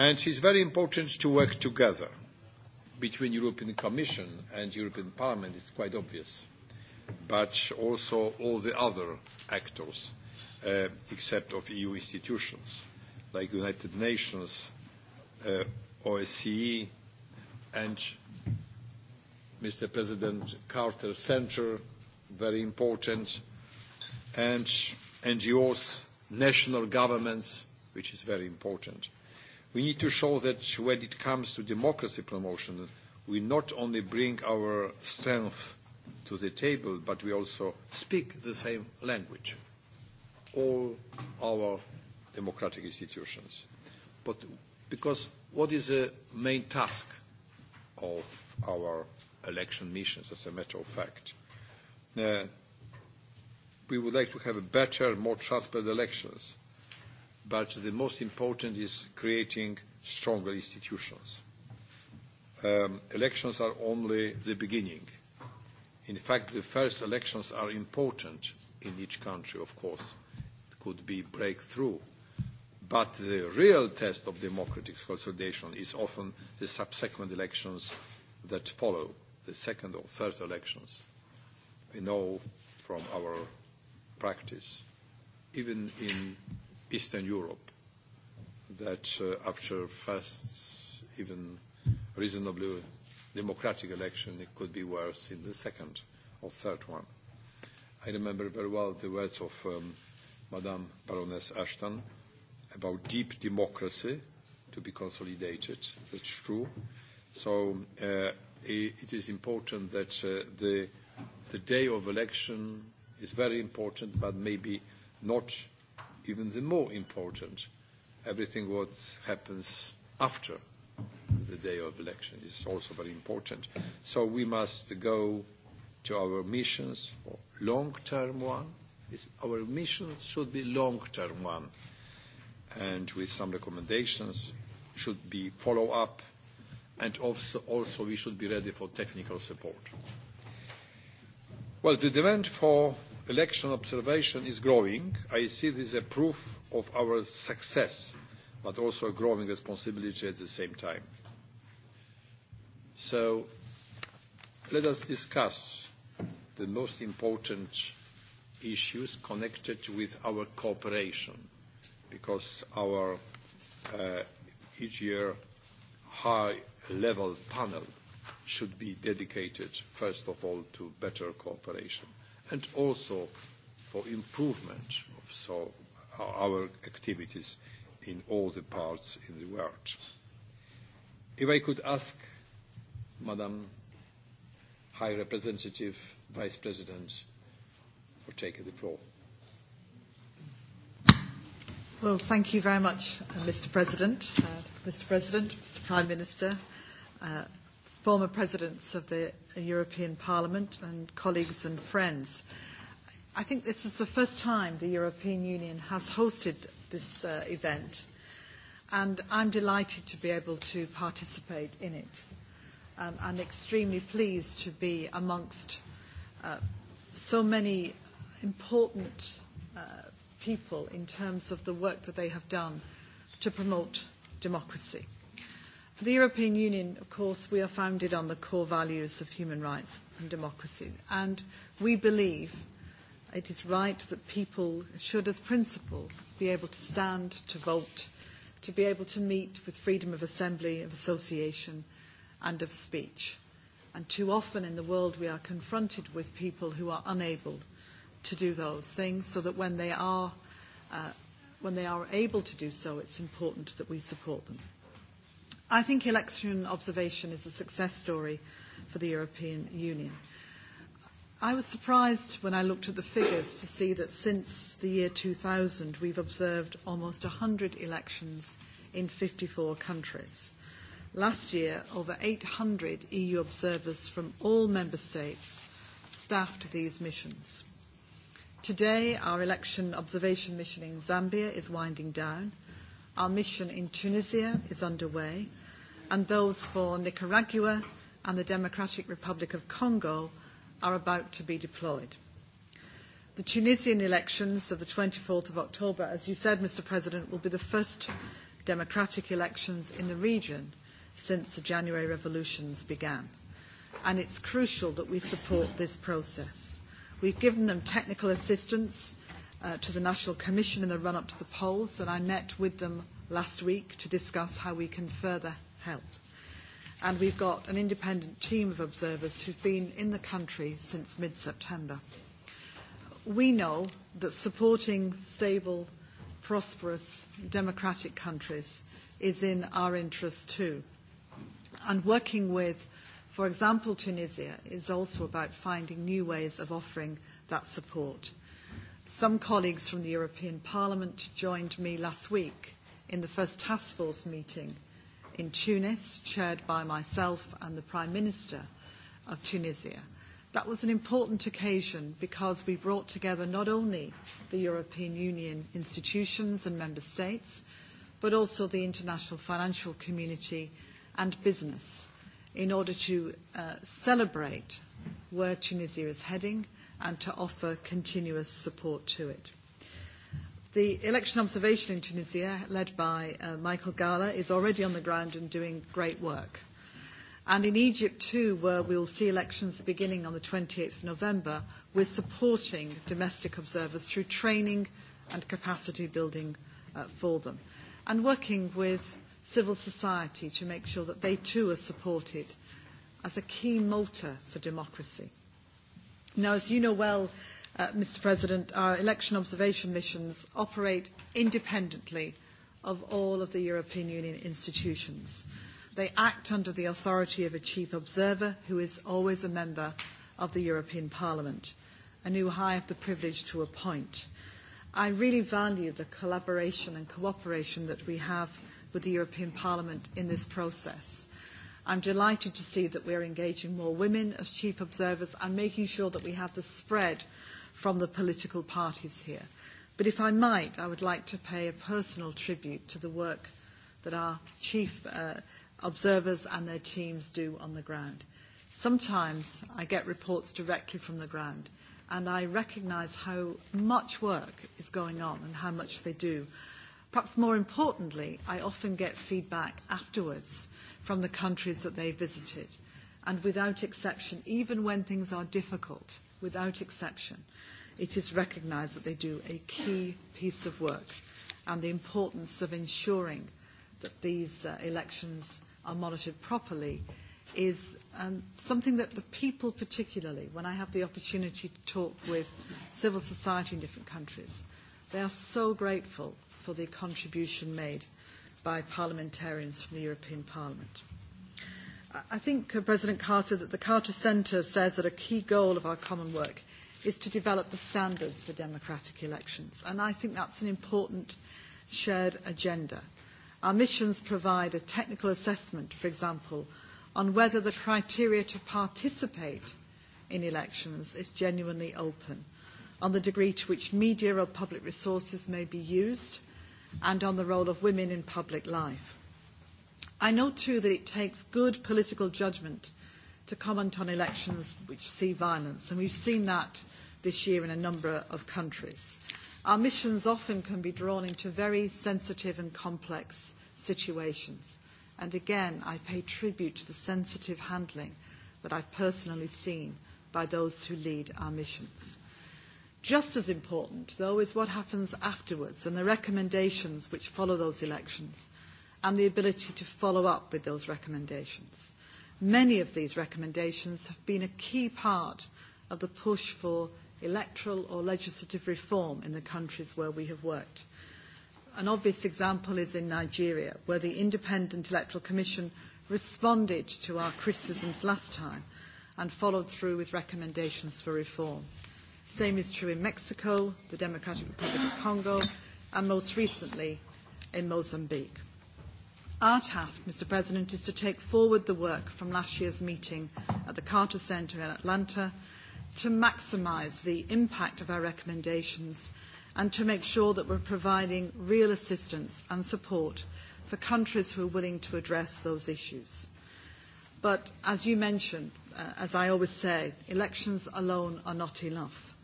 And it is very important to work together between European Commission and European Parliament. is quite obvious, but also all the other actors, except of EU institutions like United Nations, OSCE, and Mr. President Carter Center, very important, and NGOs, national governments, which is very important. We need to show that when it comes to democracy promotion, we not only bring our strength to the table, but we also speak the same language, all our democratic institutions. But because what is the main task of our election missions, as a matter of fact? We would like to have better, more transparent elections but the most important is creating stronger institutions. Elections are only the beginning. In fact, the first elections are important in each country, of course. It could be breakthrough. But the real test of democratic consolidation is often the subsequent elections that follow, the second or third elections. We know from our practice, even in Eastern Europe that after first even reasonably democratic election it could be worse in the second or third one. I remember very well the words of Madame Baroness Ashton about deep democracy to be consolidated. That's true. So it is important that the day of election is very important, but maybe not even the more important everything what happens after the day of election is also very important. So we must go to our missions long-term one. Our mission should be long-term one. And with some recommendations should be follow-up and also, also we should be ready for technical support. Well, the demand for election observation is growing. I see this as a proof of our success, but also a growing responsibility at the same time. So let us discuss the most important issues connected with our cooperation, because our each year high-level panel should be dedicated, first of all, to better cooperation and also for improvement of so our activities in all the parts in the world. If I could ask Madam High Representative Vice President for taking the floor. Well, thank you very much, Mr. President, Mr. President, Mr. Prime Minister, former presidents of the European Parliament and colleagues and friends. I think this is the first time the European Union has hosted this event and I'm delighted to be able to participate in it. I'm extremely pleased to be amongst so many important people in terms of the work that they have done to promote democracy. For the European Union, of course, we are founded on the core values of human rights and democracy, and we believe it is right that people should, as principle, be able to stand, to vote, to be able to meet with freedom of assembly, of association and of speech. And too often in the world we are confronted with people who are unable to do those things, so that when they are able to do so, it's important that we support them. I think election observation is a success story for the European Union. I was surprised when I looked at the figures to see that since the year 2000 we've observed almost 100 elections in 54 countries. Last year, over 800 EU observers from all member states staffed these missions. Today, our election observation mission in Zambia is winding down. Our mission in Tunisia is underway and those for Nicaragua and the Democratic Republic of Congo are about to be deployed. The Tunisian elections of the 24th of October, as you said, Mr. President, will be the first democratic elections in the region since the January revolutions began. And it's crucial that we support this process. We've given them technical assistance to the National Commission in the run-up to the polls, and I met with them last week to discuss how we can further health. And we've got an independent team of observers who've been in the country since mid-September. We know that supporting stable, prosperous, democratic countries is in our interest too. And working with, for example, Tunisia is also about finding new ways of offering that support. Some colleagues from the European Parliament joined me last week in the first task force meeting in Tunis, chaired by myself and the Prime Minister of Tunisia. That was an important occasion because we brought together not only the European Union institutions and member states, but also the international financial community and business in order to celebrate where Tunisia is heading and to offer continuous support to it. The election observation in Tunisia, led by Michael Gala, is already on the ground and doing great work. And in Egypt too, where we will see elections beginning on the 28th of November, we're supporting domestic observers through training and capacity building for them, and working with civil society to make sure that they too are supported as a key motor for democracy. Now, as you know well, Mr President, our election observation missions operate independently of all of the European Union institutions. They act under the authority of a chief observer who is always a member of the European Parliament and who I have the privilege to appoint. I really value the collaboration and cooperation that we have with the European Parliament in this process. I'm delighted to see that we are engaging more women as chief observers and making sure that we have the spread from the political parties here. But if I might, I would like to pay a personal tribute to the work that our chief observers and their teams do on the ground. Sometimes I get reports directly from the ground and I recognise how much work is going on and how much they do. Perhaps more importantly, I often get feedback afterwards from the countries that they visited. And without exception, even when things are difficult, without exception, it is recognised that they do a key piece of work and the importance of ensuring that these elections are monitored properly is something that the people particularly, when I have the opportunity to talk with civil society in different countries, they are so grateful for the contribution made by parliamentarians from the European Parliament. I think, President Carter, that the Carter Centre says that a key goal of our common work is to develop the standards for democratic elections. And I think that's an important shared agenda. Our missions provide a technical assessment, for example, on whether the criteria to participate in elections is genuinely open, on the degree to which media or public resources may be used, and on the role of women in public life. I know too that it takes good political judgment to comment on elections which see violence, and we've seen that this year in a number of countries. Our missions often can be drawn into very sensitive and complex situations, and again, I pay tribute to the sensitive handling that I've personally seen by those who lead our missions. Just as important, though, is what happens afterwards and the recommendations which follow those elections and the ability to follow up with those recommendations. Many of these recommendations have been a key part of the push for electoral or legislative reform in the countries where we have worked. An obvious example is in Nigeria, where the Independent Electoral Commission responded to our criticisms last time and followed through with recommendations for reform. Same is true in Mexico, the Democratic Republic of Congo, and most recently in Mozambique. Our task, Mr President, is to take forward the work from last year's meeting at the Carter Centre in Atlanta to maximise the impact of our recommendations and to make sure that we're providing real assistance and support for countries who are willing to address those issues. But as you mentioned, as I always say, elections alone are not enough.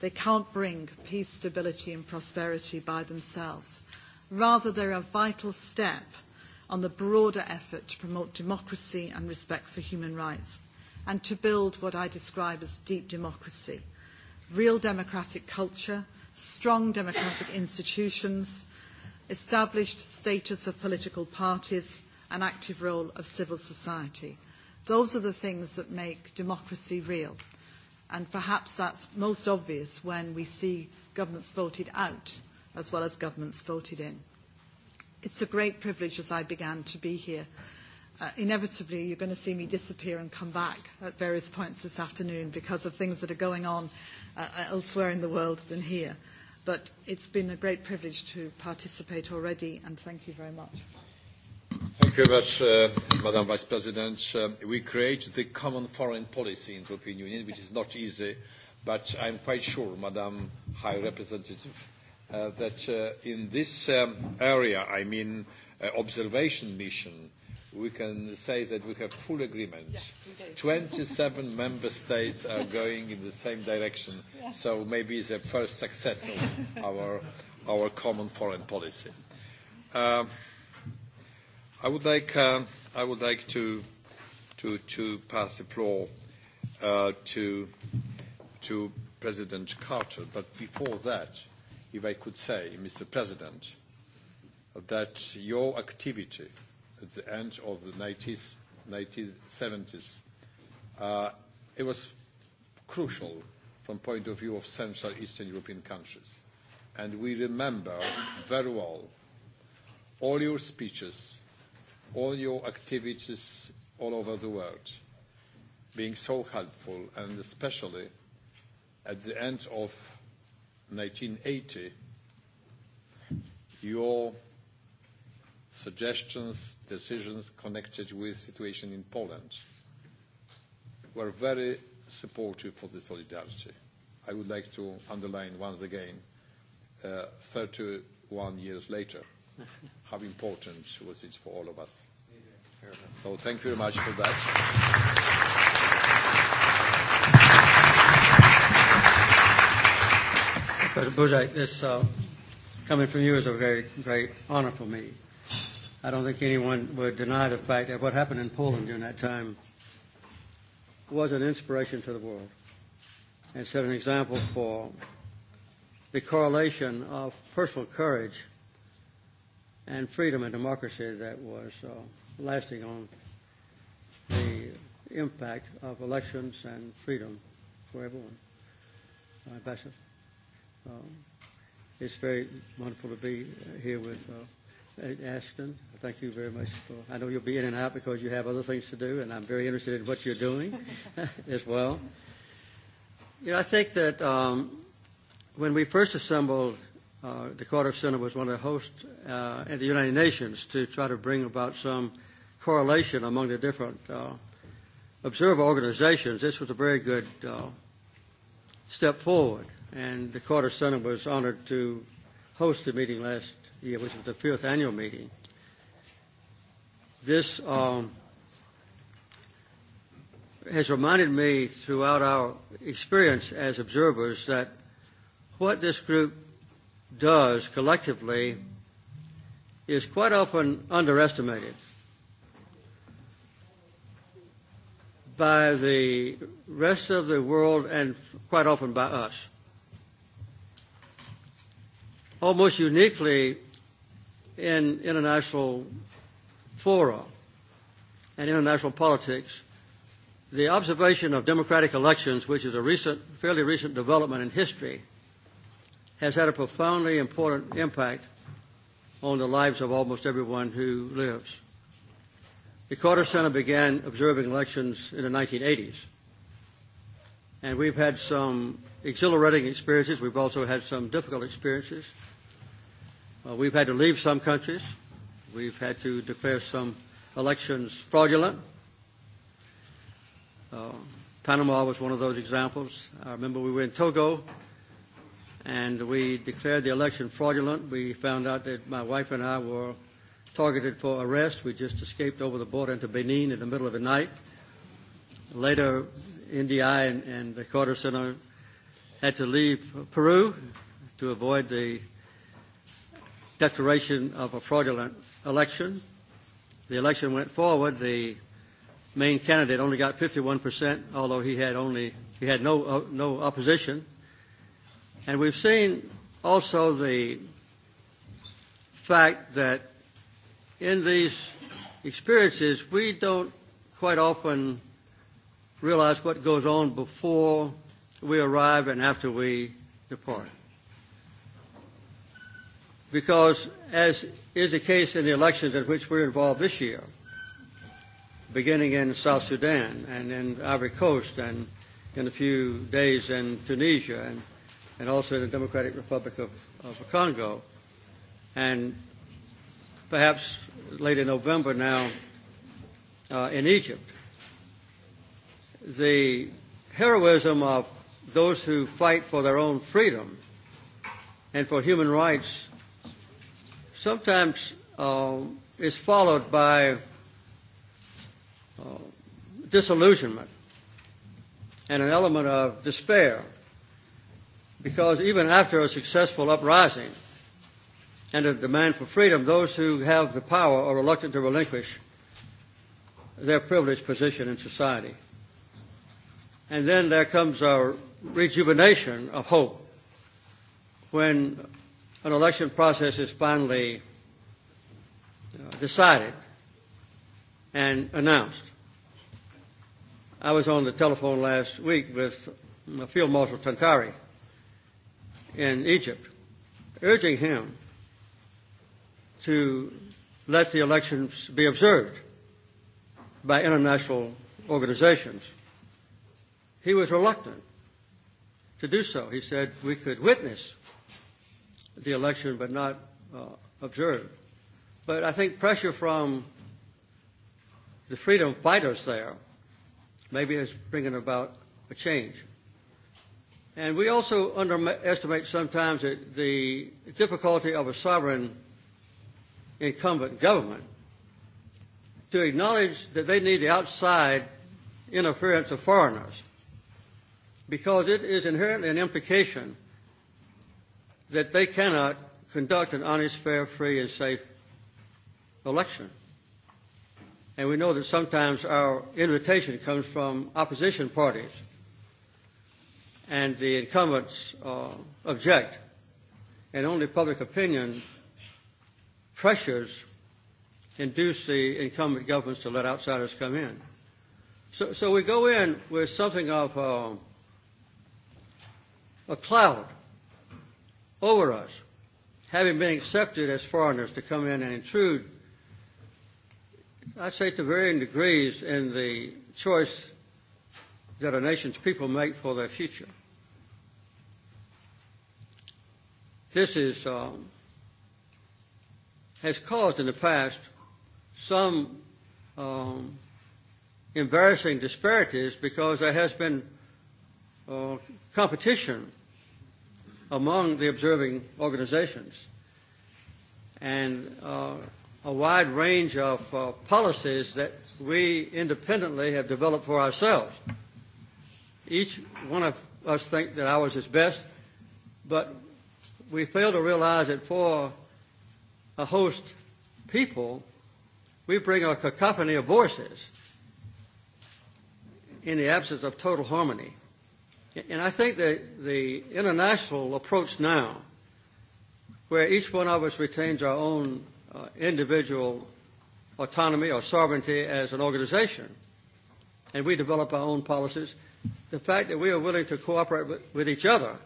They can't bring peace, stability and prosperity by themselves. Rather, they are a vital step on the broader effort to promote democracy and respect for human rights and to build what I describe as deep democracy, real democratic culture, strong democratic institutions, established status of political parties, and active role of civil society. Those are the things that make democracy real. And perhaps that's most obvious when we see governments voted out as well as governments voted in. It's a great privilege, as I began, to be here. Inevitably, you're going to see me disappear and come back at various points this afternoon because of things that are going on elsewhere in the world than here. But it's been a great privilege to participate already, and thank you very much. Thank you very much, Madam Vice President. We create the common foreign policy in the European Union, which is not easy, but I'm quite sure, Madam High Representative that in this area, I mean observation mission, we can say that we have full agreement. 27 member states are going in the same direction, so maybe it's a first success of our our common foreign policy. I would like I would like to to to pass the floor to to President Carter, but before that if I could say, Mr. President, that your activity at the end of the 1970s, it was crucial from point of view of Central Eastern European countries. And we remember very well all your speeches, all your activities all over the world, being so helpful, and especially at the end of 1980, your suggestions, decisions connected with the situation in Poland were very supportive for the solidarity. I would like to underline once again, 31 years later, how important was it for all of us. So thank you very much for that. Dr. Buzek, this coming from you is a very great honor for me. I don't think anyone would deny the fact that what happened in Poland during that time was an inspiration to the world and set an example for the correlation of personal courage and freedom and democracy that was lasting on the impact of elections and freedom for everyone. Ambassador. It's very wonderful to be here with uh Ashton. Thank you very much. For, I know you'll be in and out because you have other things to do, and I'm very interested in what you're doing as well. You I think that um, when we first assembled, uh, the Carter Center was one of the hosts uh, at the United Nations to try to bring about some correlation among the different uh, observer organizations. This was a very good uh, step forward and the Carter Center was honored to host the meeting last year, which was the fifth annual meeting. This um, has reminded me throughout our experience as observers that what this group does collectively is quite often underestimated by the rest of the world and quite often by us almost uniquely in international fora and international politics, the observation of democratic elections, which is a recent, fairly recent development in history, has had a profoundly important impact on the lives of almost everyone who lives. The Carter Center began observing elections in the 1980s, and we've had some exhilarating experiences. We've also had some difficult experiences. We've had to leave some countries. We've had to declare some elections fraudulent. Panama was one of those examples. I remember we were in Togo and we declared the election fraudulent. We found out that my wife and I were targeted for arrest. We just escaped over the border into Benin in the middle of the night. Later, NDI and the Carter Center had to leave Peru to avoid the declaration of a fraudulent election. The election went forward. The main candidate only got 51%, although he had only he had no no opposition. And we've seen also the fact that in these experiences we don't quite often realize what goes on before we arrive and after we depart because, as is the case in the elections in which we're involved this year, beginning in South Sudan and in Ivory Coast and in a few days in Tunisia and, and also in the Democratic Republic of, of Congo, and perhaps late in November now uh, in Egypt. The heroism of those who fight for their own freedom and for human rights sometimes is followed by disillusionment and an element of despair because even after a successful uprising and a demand for freedom, those who have the power are reluctant to relinquish their privileged position in society. And then there comes a rejuvenation of hope when an election process is finally decided and announced. I was on the telephone last week with Field Marshal Tantari in Egypt, urging him to let the elections be observed by international organizations. He was reluctant to do so. He said we could witness the election but not observed. But I think pressure from the freedom fighters there maybe is bringing about a change. And we also underestimate sometimes the difficulty of a sovereign incumbent government to acknowledge that they need the outside interference of foreigners because it is inherently an implication that they cannot conduct an honest, fair, free, and safe election. And we know that sometimes our invitation comes from opposition parties, and the incumbents object, and only public opinion pressures induce the incumbent governments to let outsiders come in. So, so we go in with something of a cloud over us, having been accepted as foreigners to come in and intrude, I'd say to varying degrees in the choice that a nation's people make for their future. This is, um, has caused in the past some um, embarrassing disparities because there has been uh, competition among the observing organizations. And a wide range of policies that we independently have developed for ourselves. Each one of us thinks that ours is best, but we fail to realize that for a host people, we bring a cacophony of voices in the absence of total harmony. And I think that the international approach now, where each one of us retains our own individual autonomy or sovereignty as an organization, and we develop our own policies, the fact that we are willing to cooperate with each other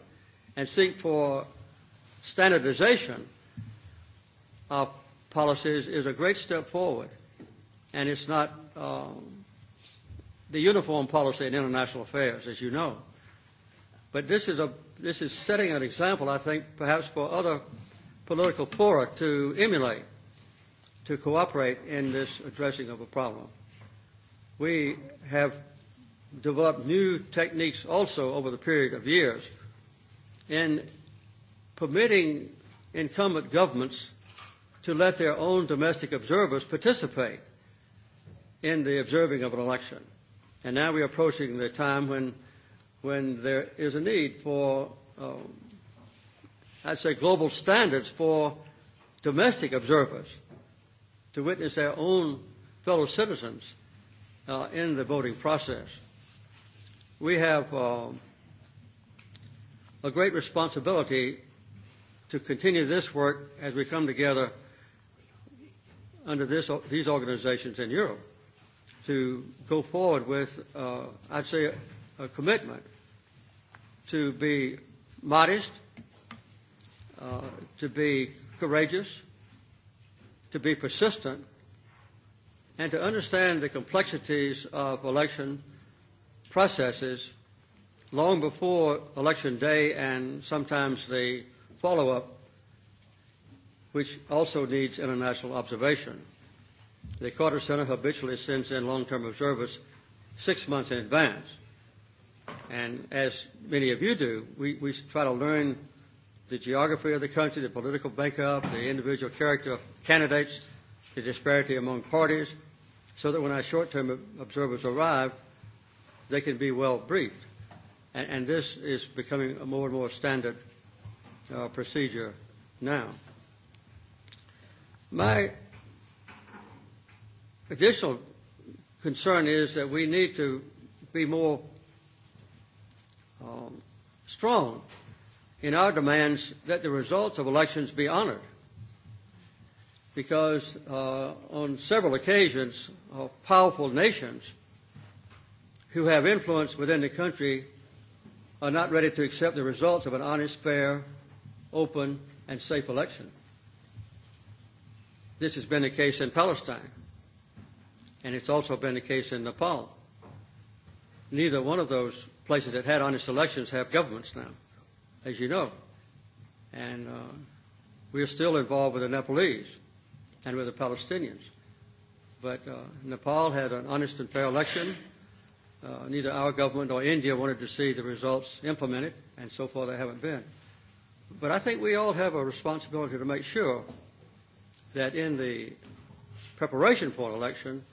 and seek for standardization of policies is a great step forward. And it's not the uniform policy in international affairs, as you know. But this is, a, this is setting an example, I think, perhaps for other political fora to emulate, to cooperate in this addressing of a problem. We have developed new techniques also over the period of years in permitting incumbent governments to let their own domestic observers participate in the observing of an election. And now we are approaching the time when when there is a need for, I'd say, global standards for domestic observers to witness their own fellow citizens in the voting process. We have a great responsibility to continue this work as we come together under this, these organizations in Europe to go forward with, I'd say, a commitment to be modest, to be courageous, to be persistent, and to understand the complexities of election processes long before election day and sometimes the follow-up, which also needs international observation. The Carter Center habitually sends in long-term observers six months in advance. And as many of you do, we, we try to learn the geography of the country, the political makeup, the individual character of candidates, the disparity among parties, so that when our short-term observers arrive, they can be well briefed. And, and this is becoming a more and more standard uh, procedure now. My additional concern is that we need to be more strong in our demands that the results of elections be honored because on several occasions powerful nations who have influence within the country are not ready to accept the results of an honest, fair, open, and safe election. This has been the case in Palestine, and it's also been the case in Nepal. Neither one of those places that had honest elections have governments now, as you know. And we are still involved with the Nepalese and with the Palestinians. But Nepal had an honest and fair election. Neither our government nor India wanted to see the results implemented, and so far they haven't been. But I think we all have a responsibility to make sure that in the preparation for an election,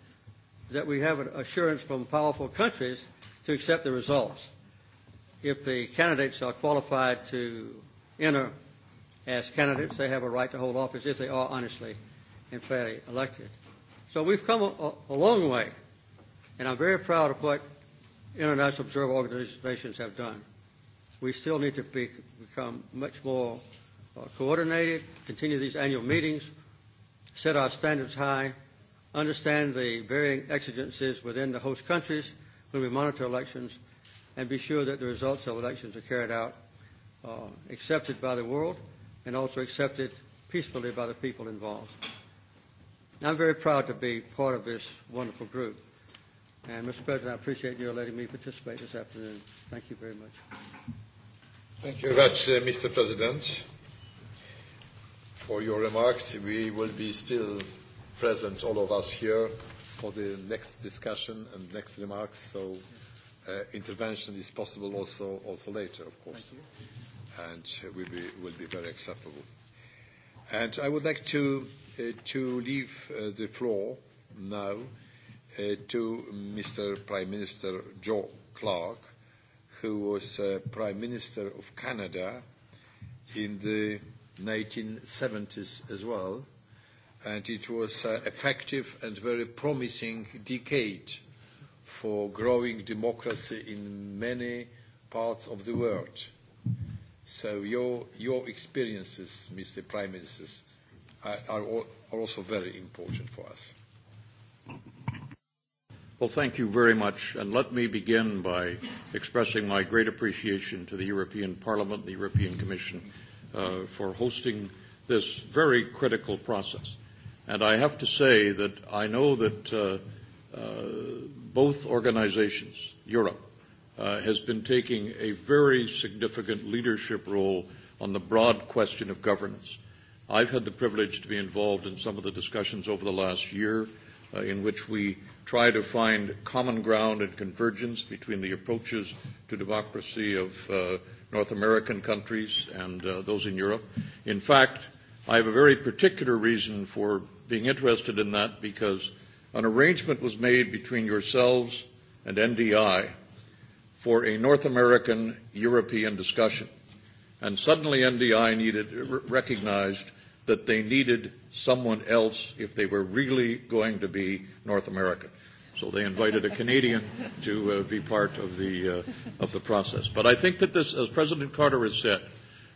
that we have an assurance from powerful countries to accept the results if the candidates are qualified to enter as candidates, they have a right to hold office if they are honestly and fairly elected. So we've come a, a long way, and I'm very proud of what international observer organizations have done. We still need to be, become much more uh, coordinated, continue these annual meetings, set our standards high, understand the varying exigencies within the host countries, when we monitor elections and be sure that the results of elections are carried out, uh, accepted by the world and also accepted peacefully by the people involved. I'm very proud to be part of this wonderful group. And, Mr. President, I appreciate you letting me participate this afternoon. Thank you very much. Thank you very much, Mr. President, for your remarks. We will be still present, all of us here, for the next discussion and next remarks, so intervention is possible also also later, of course, and will be will be very acceptable. And I would like to to leave the floor now to Mr. Prime Minister Joe Clark, who was Prime Minister of Canada in the 1970s as well and it was an effective and very promising decade for growing democracy in many parts of the world. So your your experiences, Mr. Prime Minister, are also very important for us. Well, thank you very much, and let me begin by expressing my great appreciation to the European Parliament, the European Commission, for hosting this very critical process. And I have to say that I know that both organizations, Europe, has been taking a very significant leadership role on the broad question of governance. I've had the privilege to be involved in some of the discussions over the last year in which we try to find common ground and convergence between the approaches to democracy of North American countries and those in Europe. In fact, I have a very particular reason for being interested in that because an arrangement was made between yourselves and NDI for a North American European discussion. And suddenly NDI needed, recognized that they needed someone else if they were really going to be North American. So they invited a Canadian to be part of the, of the process. But I think that this, as President Carter has said,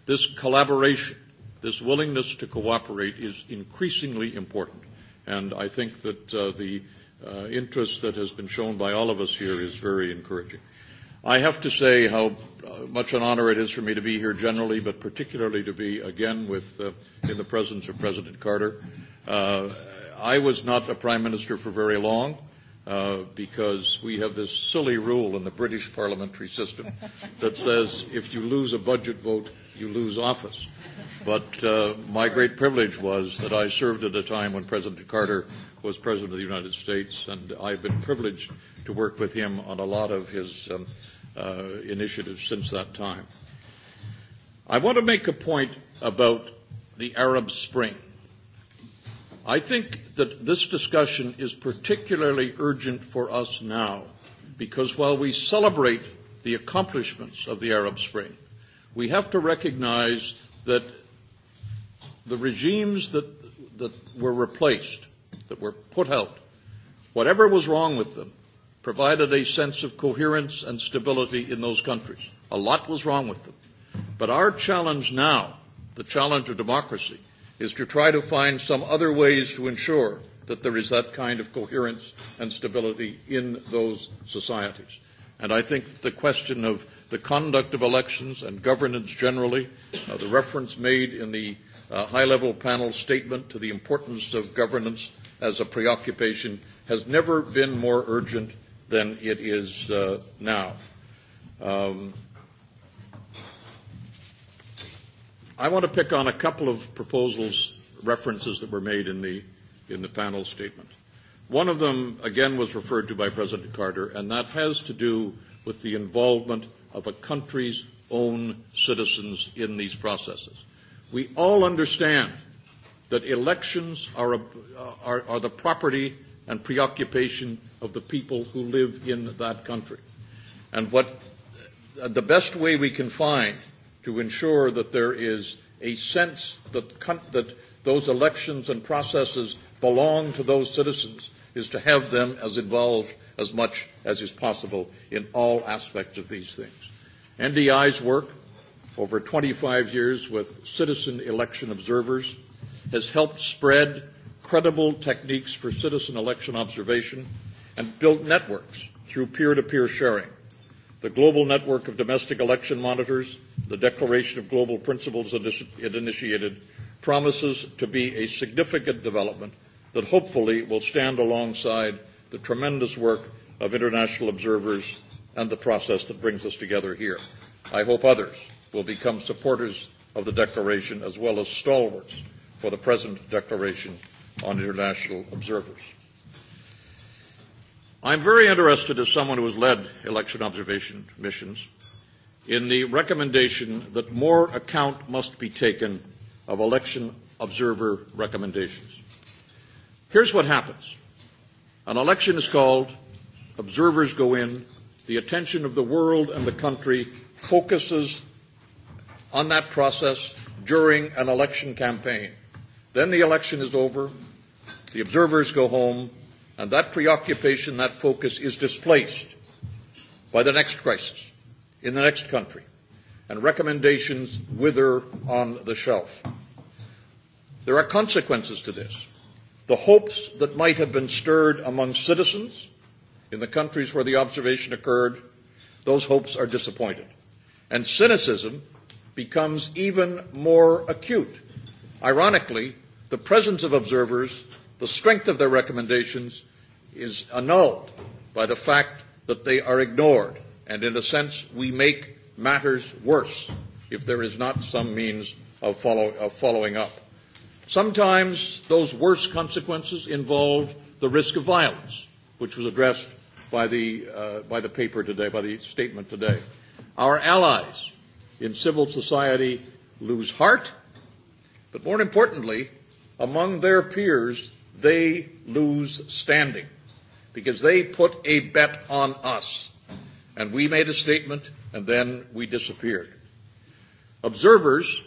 this collaboration this willingness to cooperate is increasingly important. And I think that the interest that has been shown by all of us here is very encouraging. I have to say how much an honor it is for me to be here generally, but particularly to be again with, in the presence of President Carter. I was not a prime minister for very long because we have this silly rule in the British parliamentary system that says if you lose a budget vote, you lose office. But my great privilege was that I served at a time when President Carter was President of the United States, and I've been privileged to work with him on a lot of his initiatives since that time. I want to make a point about the Arab Spring. I think that this discussion is particularly urgent for us now, because while we celebrate the accomplishments of the Arab Spring, we have to recognize that the regimes that that were replaced, that were put out, whatever was wrong with them, provided a sense of coherence and stability in those countries. A lot was wrong with them. But our challenge now, the challenge of democracy, is to try to find some other ways to ensure that there is that kind of coherence and stability in those societies. And I think the question of the conduct of elections and governance generally, the reference made in the a high-level panel statement to the importance of governance as a preoccupation has never been more urgent than it is now. I want to pick on a couple of proposals, references that were made in the in the panel statement. One of them, again, was referred to by President Carter, and that has to do with the involvement of a country's own citizens in these processes. We all understand that elections are are the property and preoccupation of the people who live in that country. And what the best way we can find to ensure that there is a sense that that those elections and processes belong to those citizens is to have them as involved as much as is possible in all aspects of these things. NDI's work over 25 years with citizen election observers has helped spread credible techniques for citizen election observation and built networks through peer-to-peer sharing. The Global Network of Domestic Election Monitors, the Declaration of Global Principles it initiated, promises to be a significant development that hopefully will stand alongside the tremendous work of international observers and the process that brings us together here. I hope others will become supporters of the Declaration as well as stalwarts for the present Declaration on international observers. I'm very interested, as someone who has led election observation missions, in the recommendation that more account must be taken of election observer recommendations. Here's what happens. An election is called, observers go in, the attention of the world and the country focuses on that process during an election campaign. Then the election is over, the observers go home, and that preoccupation, that focus is displaced by the next crisis in the next country, and recommendations wither on the shelf. There are consequences to this. The hopes that might have been stirred among citizens in the countries where the observation occurred, those hopes are disappointed. And cynicism becomes even more acute. Ironically, the presence of observers, the strength of their recommendations, is annulled by the fact that they are ignored, and in a sense we make matters worse if there is not some means of following up. Sometimes those worse consequences involve the risk of violence, which was addressed by the paper today, by the statement today. Our allies in civil society lose heart, but more importantly, among their peers, they lose standing because they put a bet on us. And we made a statement and then we disappeared. Observers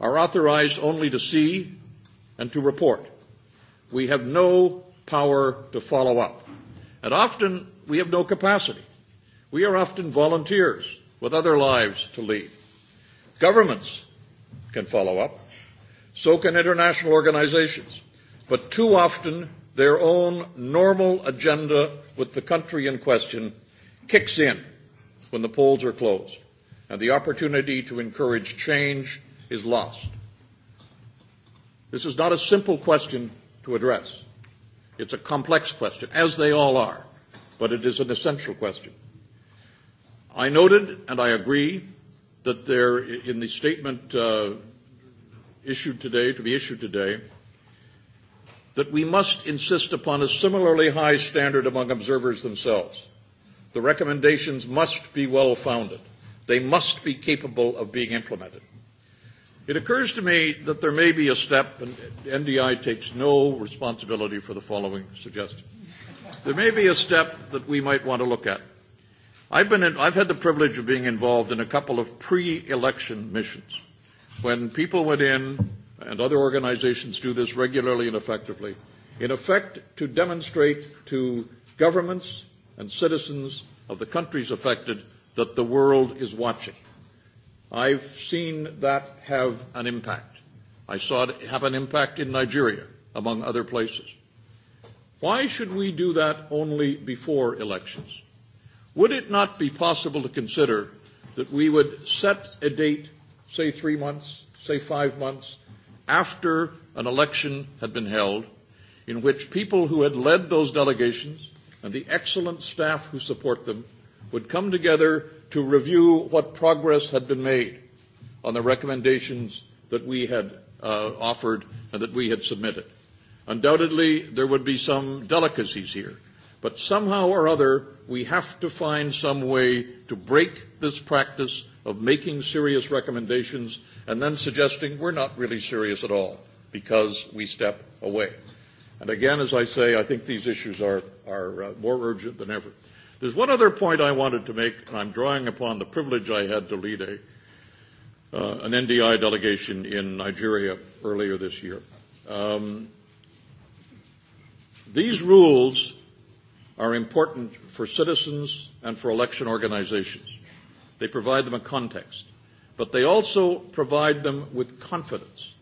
are authorized only to see and to report. We have no power to follow up. And often we have no capacity. We are often volunteers with other lives to lead. Governments can follow up. So can international organizations. But too often, their own normal agenda with the country in question kicks in when the polls are closed, and the opportunity to encourage change is lost. This is not a simple question to address. It's a complex question, as they all are, but it is an essential question. I noted, and I agree, that there, in the statement issued today, to be issued today, that we must insist upon a similarly high standard among observers themselves. The recommendations must be well-founded. They must be capable of being implemented. It occurs to me that there may be a step, and NDI takes no responsibility for the following suggestion. There may be a step that we might want to look at. I've been in, I've had the privilege of being involved in a couple of pre-election missions when people went in and other organizations do this regularly and effectively in effect to demonstrate to governments and citizens of the countries affected that the world is watching. I've seen that have an impact. I saw it have an impact in Nigeria, among other places. Why should we do that only before elections? Would it not be possible to consider that we would set a date, say three months, say five months, after an election had been held, in which people who had led those delegations and the excellent staff who support them would come together to review what progress had been made on the recommendations that we had offered and that we had submitted. Undoubtedly, there would be some delicacies here. But somehow or other, we have to find some way to break this practice of making serious recommendations and then suggesting we're not really serious at all because we step away. And again, as I say, I think these issues are, are more urgent than ever. There's one other point I wanted to make, and I'm drawing upon the privilege I had to lead a, an NDI delegation in Nigeria earlier this year. Um, these rules are important for citizens and for election organizations. They provide them a context, but they also provide them with confidence.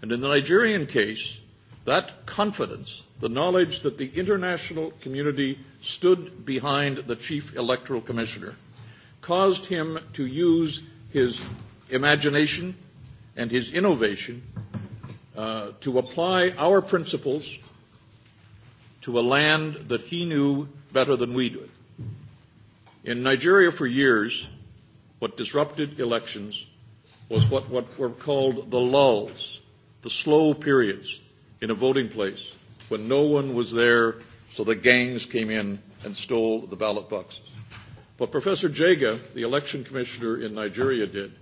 And in the Nigerian case, that confidence, the knowledge that the international community stood behind the chief electoral commissioner, caused him to use his imagination and his innovation to apply our principles to a land that he knew better than we did. In Nigeria for years, what disrupted elections was what what were called the lulls, the slow periods in a voting place when no one was there, so the gangs came in and stole the ballot boxes. What Professor Jaga, the election commissioner in Nigeria, did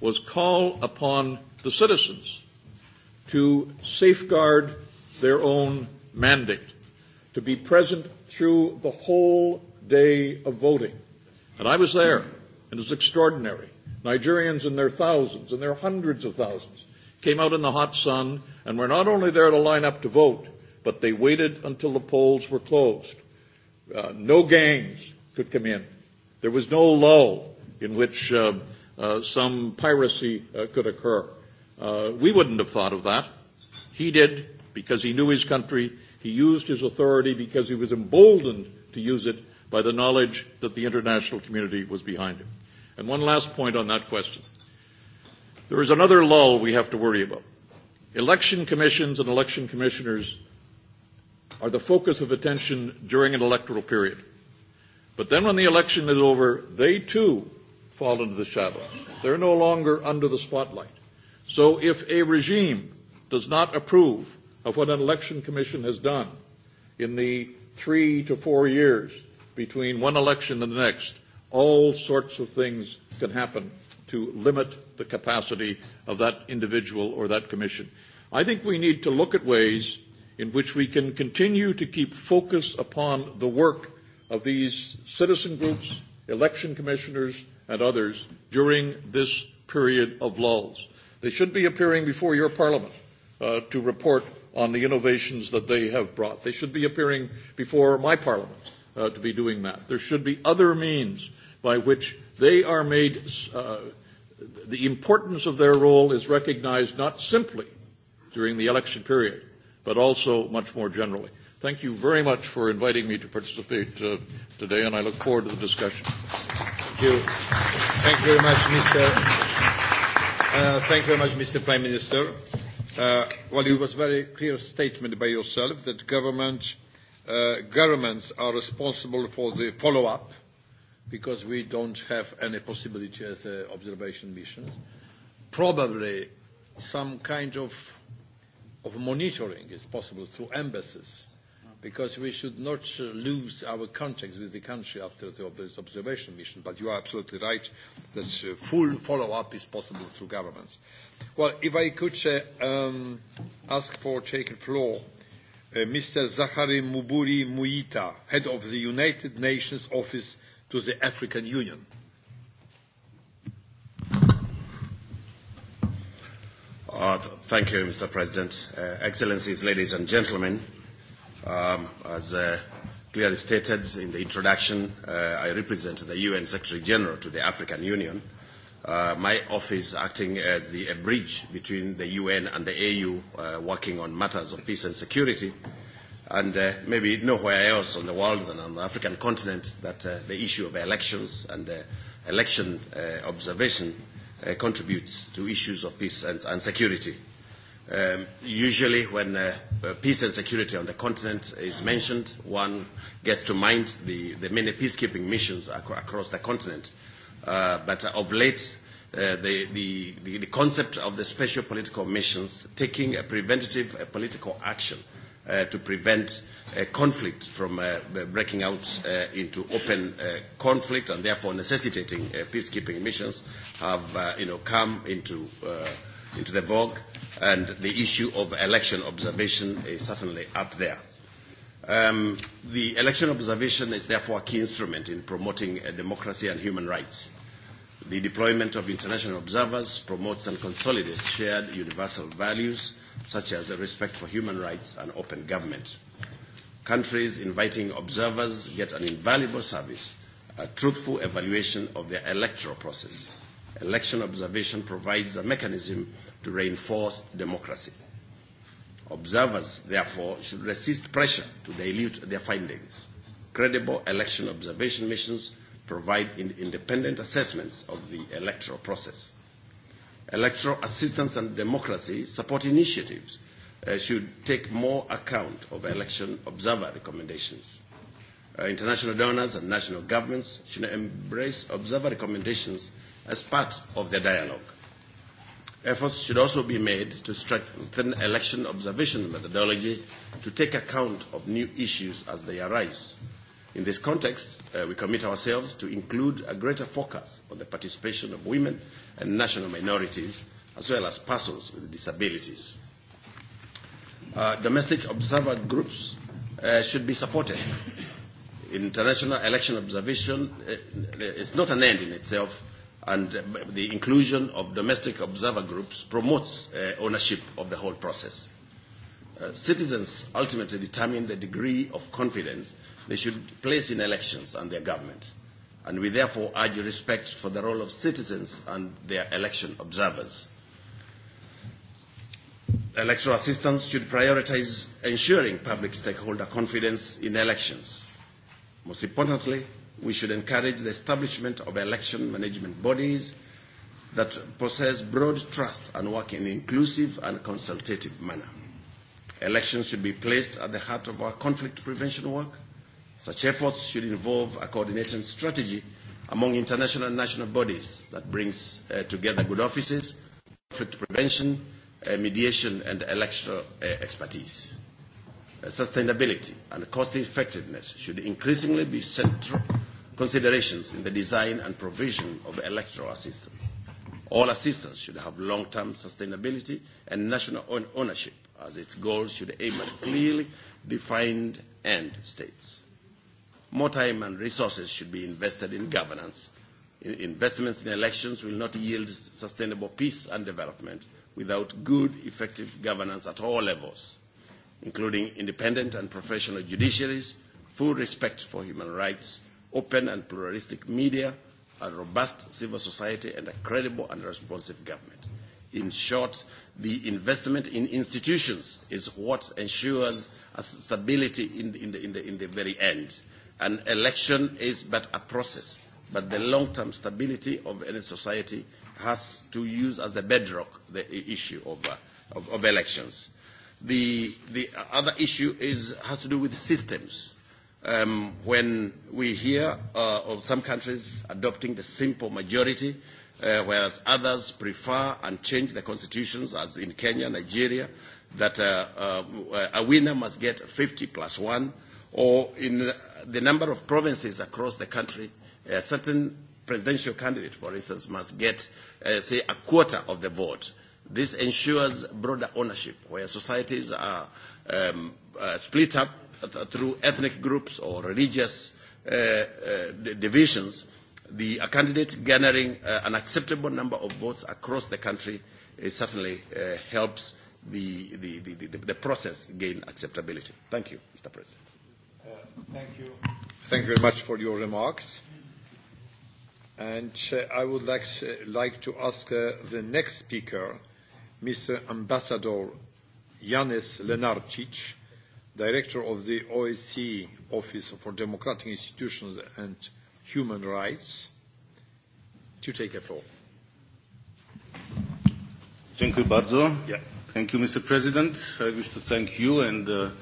was call upon the citizens to safeguard their own mandate to be present through the whole day of voting. And I was there, and it was extraordinary. Nigerians in their thousands, and their hundreds of thousands, came out in the hot sun and were not only there to line up to vote, but they waited until the polls were closed. No gangs could come in. There was no lull in which some piracy could occur. We wouldn't have thought of that. He did because he knew his country He used his authority because he was emboldened to use it by the knowledge that the international community was behind him. And one last point on that question. There is another lull we have to worry about. Election commissions and election commissioners are the focus of attention during an electoral period. But then when the election is over, they too fall into the shadow. They're no longer under the spotlight. So if a regime does not approve of what an election commission has done in the three to four years between one election and the next, all sorts of things can happen to limit the capacity of that individual or that commission. I think we need to look at ways in which we can continue to keep focus upon the work of these citizen groups, election commissioners, and others during this period of lulls. They should be appearing before your parliament to report on the innovations that they have brought. They should be appearing before my parliament to be doing that. There should be other means by which they are made, the importance of their role is recognized not simply during the election period, but also much more generally. Thank you very much for inviting me to participate today, and I look forward to the discussion. Thank you. Thank you very much, Mr. Thank you very much, Mr. Prime Minister. Well, it was a very clear statement by yourself that governments are responsible for the follow-up because we don't have any possibility as observation missions. Probably some kind of monitoring is possible through embassies because we should not lose our contacts with the country after the observation mission. But you are absolutely right that full follow-up is possible through governments. Well, if I could ask for taking floor, Mr. Zachary Muburi Muita, head of the United Nations Office to the African Union. Thank you, Mr. President. Excellencies, ladies and gentlemen, as clearly stated in the introduction, I represent the UN Secretary General to the African Union my office acting as the bridge between the UN and the AU working on matters of peace and security and maybe nowhere else on the world than on the African continent that the issue of elections and election observation contributes to issues of peace and security. Usually when peace and security on the continent is mentioned, one gets to mind the many peacekeeping missions across the continent but of late the the concept of the special political missions taking a preventative political action to prevent a conflict from breaking out into open conflict and therefore necessitating peacekeeping missions have you know come into into the vogue and the issue of election observation is certainly up there The election observation is therefore a key instrument in promoting democracy and human rights. The deployment of international observers promotes and consolidates shared universal values such as respect for human rights and open government. Countries inviting observers get an invaluable service, a truthful evaluation of their electoral process. Election observation provides a mechanism to reinforce democracy. Observers, therefore, should resist pressure to dilute their findings. Credible election observation missions provide independent assessments of the electoral process. Electoral assistance and democracy support initiatives should take more account of election observer recommendations. International donors and national governments should embrace observer recommendations as part of their dialogue Efforts should also be made to strengthen election observation methodology to take account of new issues as they arise. In this context, we commit ourselves to include a greater focus on the participation of women and national minorities, as well as persons with disabilities. Domestic observer groups should be supported. International election observation is not an end in itself and the inclusion of domestic observer groups promotes ownership of the whole process. Citizens ultimately determine the degree of confidence they should place in elections and their government, and we therefore urge respect for the role of citizens and their election observers. Electoral assistance should prioritize ensuring public stakeholder confidence in elections. Most importantly, we should encourage the establishment of election management bodies that possess broad trust and work in an inclusive and consultative manner. Elections should be placed at the heart of our conflict prevention work. Such efforts should involve a coordinated strategy among international and national bodies that brings together good offices, conflict prevention, mediation and electoral expertise. Sustainability and cost effectiveness should increasingly be central considerations in the design and provision of electoral assistance. All assistance should have long-term sustainability and national ownership, as its goals should aim at clearly defined end states. More time and resources should be invested in governance. Investments in elections will not yield sustainable peace and development without good, effective governance at all levels, including independent and professional judiciaries, full respect for human rights, open and pluralistic media, a robust civil society, and a credible and responsive government. In short, the investment in institutions is what ensures stability in the very end. An election is but a process, but the long-term stability of any society has to use as the bedrock the issue of elections. The other issue has to do with systems when we hear of some countries adopting the simple majority, whereas others prefer and change the constitutions, as in Kenya, Nigeria, that a winner must get 50 plus one, or in the number of provinces across the country, a certain presidential candidate, for instance, must get, say, a quarter of the vote. This ensures broader ownership, where societies are split up through ethnic groups or religious divisions, the candidate garnering an acceptable number of votes across the country certainly helps the the process gain acceptability. Thank you, Mr. President. Thank you. Thank you very much for your remarks. And I would like to ask the next speaker, Mr. Ambassador Yanis Lenarcic Director of the OSCE Office for Democratic Institutions and Human Rights, to take the floor. Thank you, Bardzo. Thank you, Mr. President. I wish to thank you and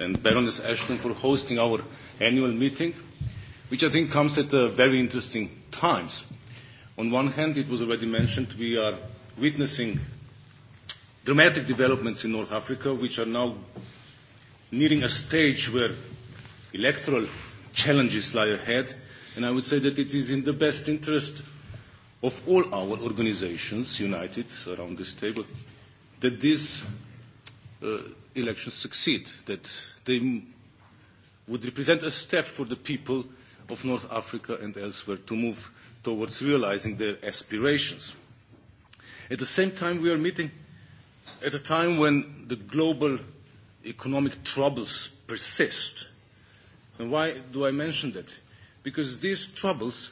and Baroness Ashton for hosting our annual meeting, which I think comes at very interesting times. On one hand, it was already mentioned, we are witnessing dramatic developments in North Africa, which are now nearing a stage where electoral challenges lie ahead, and I would say that it is in the best interest of all our organisations united around this table that these elections succeed, that they would represent a step for the people of North Africa and elsewhere to move towards realizing their aspirations. At the same time, we are meeting at a time when the global economic troubles persist. And why do I mention that? Because these troubles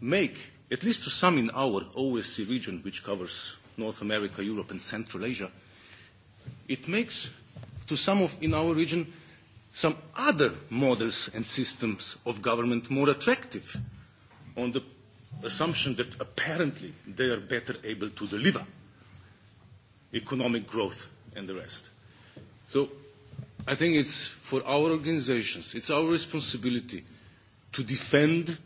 make, at least to some in our OSC region, which covers North America, Europe and Central Asia, it makes to some of in our region some other models and systems of government more attractive on the assumption that apparently they are better able to deliver economic growth and the rest. So I think it's for our organizations, it's our responsibility to defend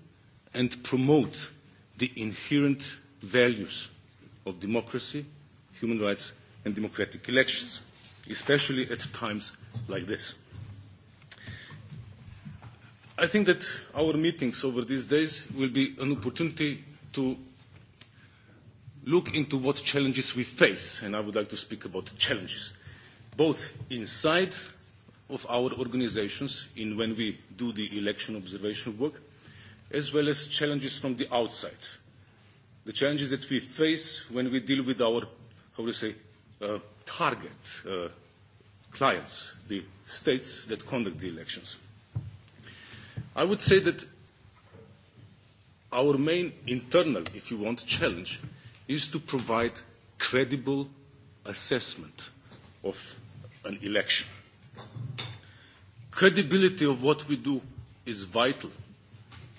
and promote the inherent values of democracy, human rights, and democratic elections, especially at times like this. I think that our meetings over these days will be an opportunity to look into what challenges we face, and I would like to speak about challenges both inside of our organizations in when we do the election observation work, as well as challenges from the outside. The challenges that we face when we deal with our, how you say, target clients, the states that conduct the elections. I would say that our main internal, if you want, challenge is to provide credible assessment of an election. Credibility of what we do is vital,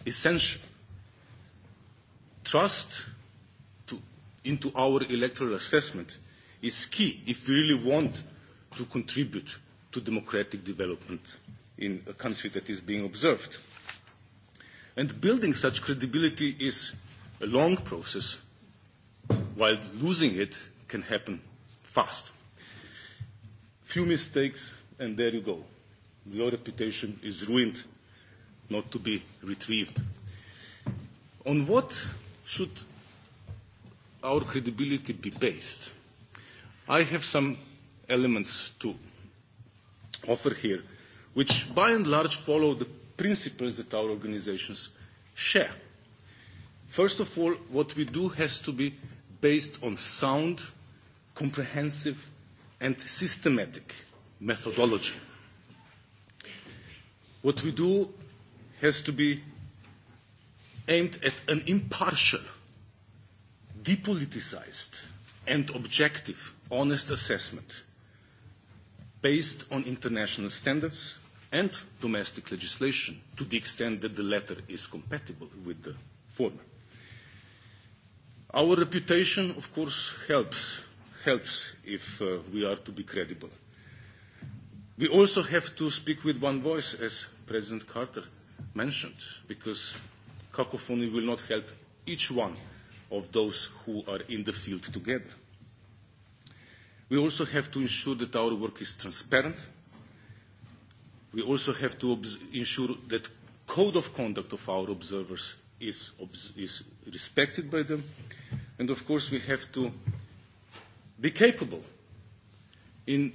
essential. Trust into our electoral assessment is key if we really want to contribute to democratic development in a country that is being observed. And building such credibility is a long process, while losing it can happen fast. Few mistakes and there you go. Your reputation is ruined, not to be retrieved. On what should our credibility be based? I have some elements to offer here, which by and large follow the principles that our organizations share. First of all, what we do has to be based on sound, comprehensive and systematic methodology. What we do has to be aimed at an impartial, depoliticized and objective, honest assessment based on international standards and domestic legislation to the extent that the latter is compatible with the former. Our reputation, of course, helps helps if we are to be credible. We also have to speak with one voice, as President Carter mentioned, because cacophony will not help each one of those who are in the field together. We also have to ensure that our work is transparent. We also have to ensure that code of conduct of our observers is respected by them. And, of course, we have to be capable in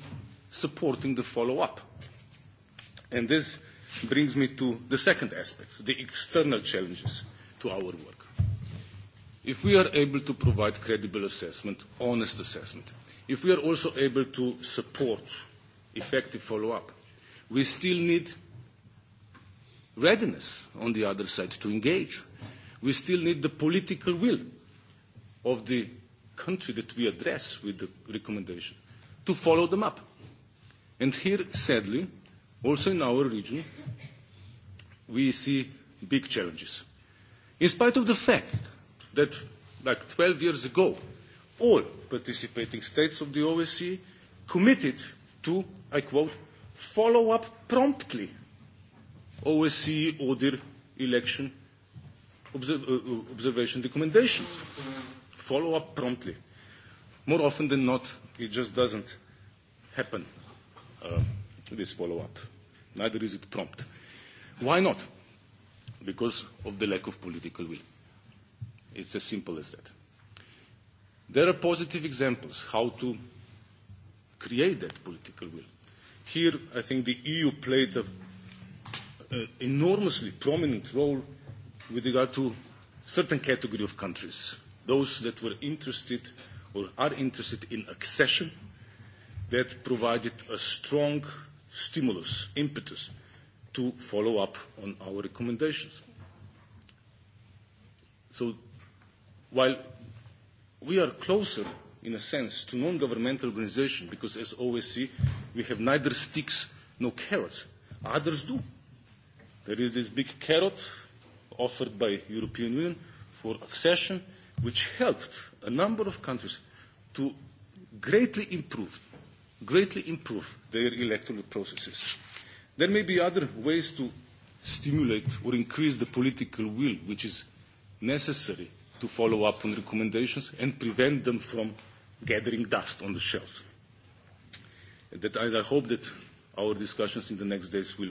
supporting the follow-up. And this brings me to the second aspect, the external challenges to our work. If we are able to provide credible assessment, honest assessment, if we are also able to support effective follow-up, we still need readiness on the other side to engage. We still need the political will of the country that we address with the recommendation to follow them up. And here, sadly, also in our region, we see big challenges. In spite of the fact that, like 12 years ago, all participating states of the OSCE committed to, I quote, follow up promptly OSCE order election observation recommendations follow up promptly. More often than not, it just doesn't happen, this follow-up. Neither is it prompt. Why not? Because of the lack of political will. It's as simple as that. There are positive examples how to create that political will. Here, I think the EU played an enormously prominent role with regard to certain category of countries those that were interested or are interested in accession, that provided a strong stimulus, impetus, to follow up on our recommendations. So while we are closer, in a sense, to non-governmental organization because as OSCE, we have neither sticks nor carrots. Others do. There is this big carrot offered by European Union for accession, which helped a number of countries to greatly improve, greatly improve their electoral processes. There may be other ways to stimulate or increase the political will which is necessary to follow up on recommendations and prevent them from gathering dust on the shelf. That I hope that our discussions in the next days will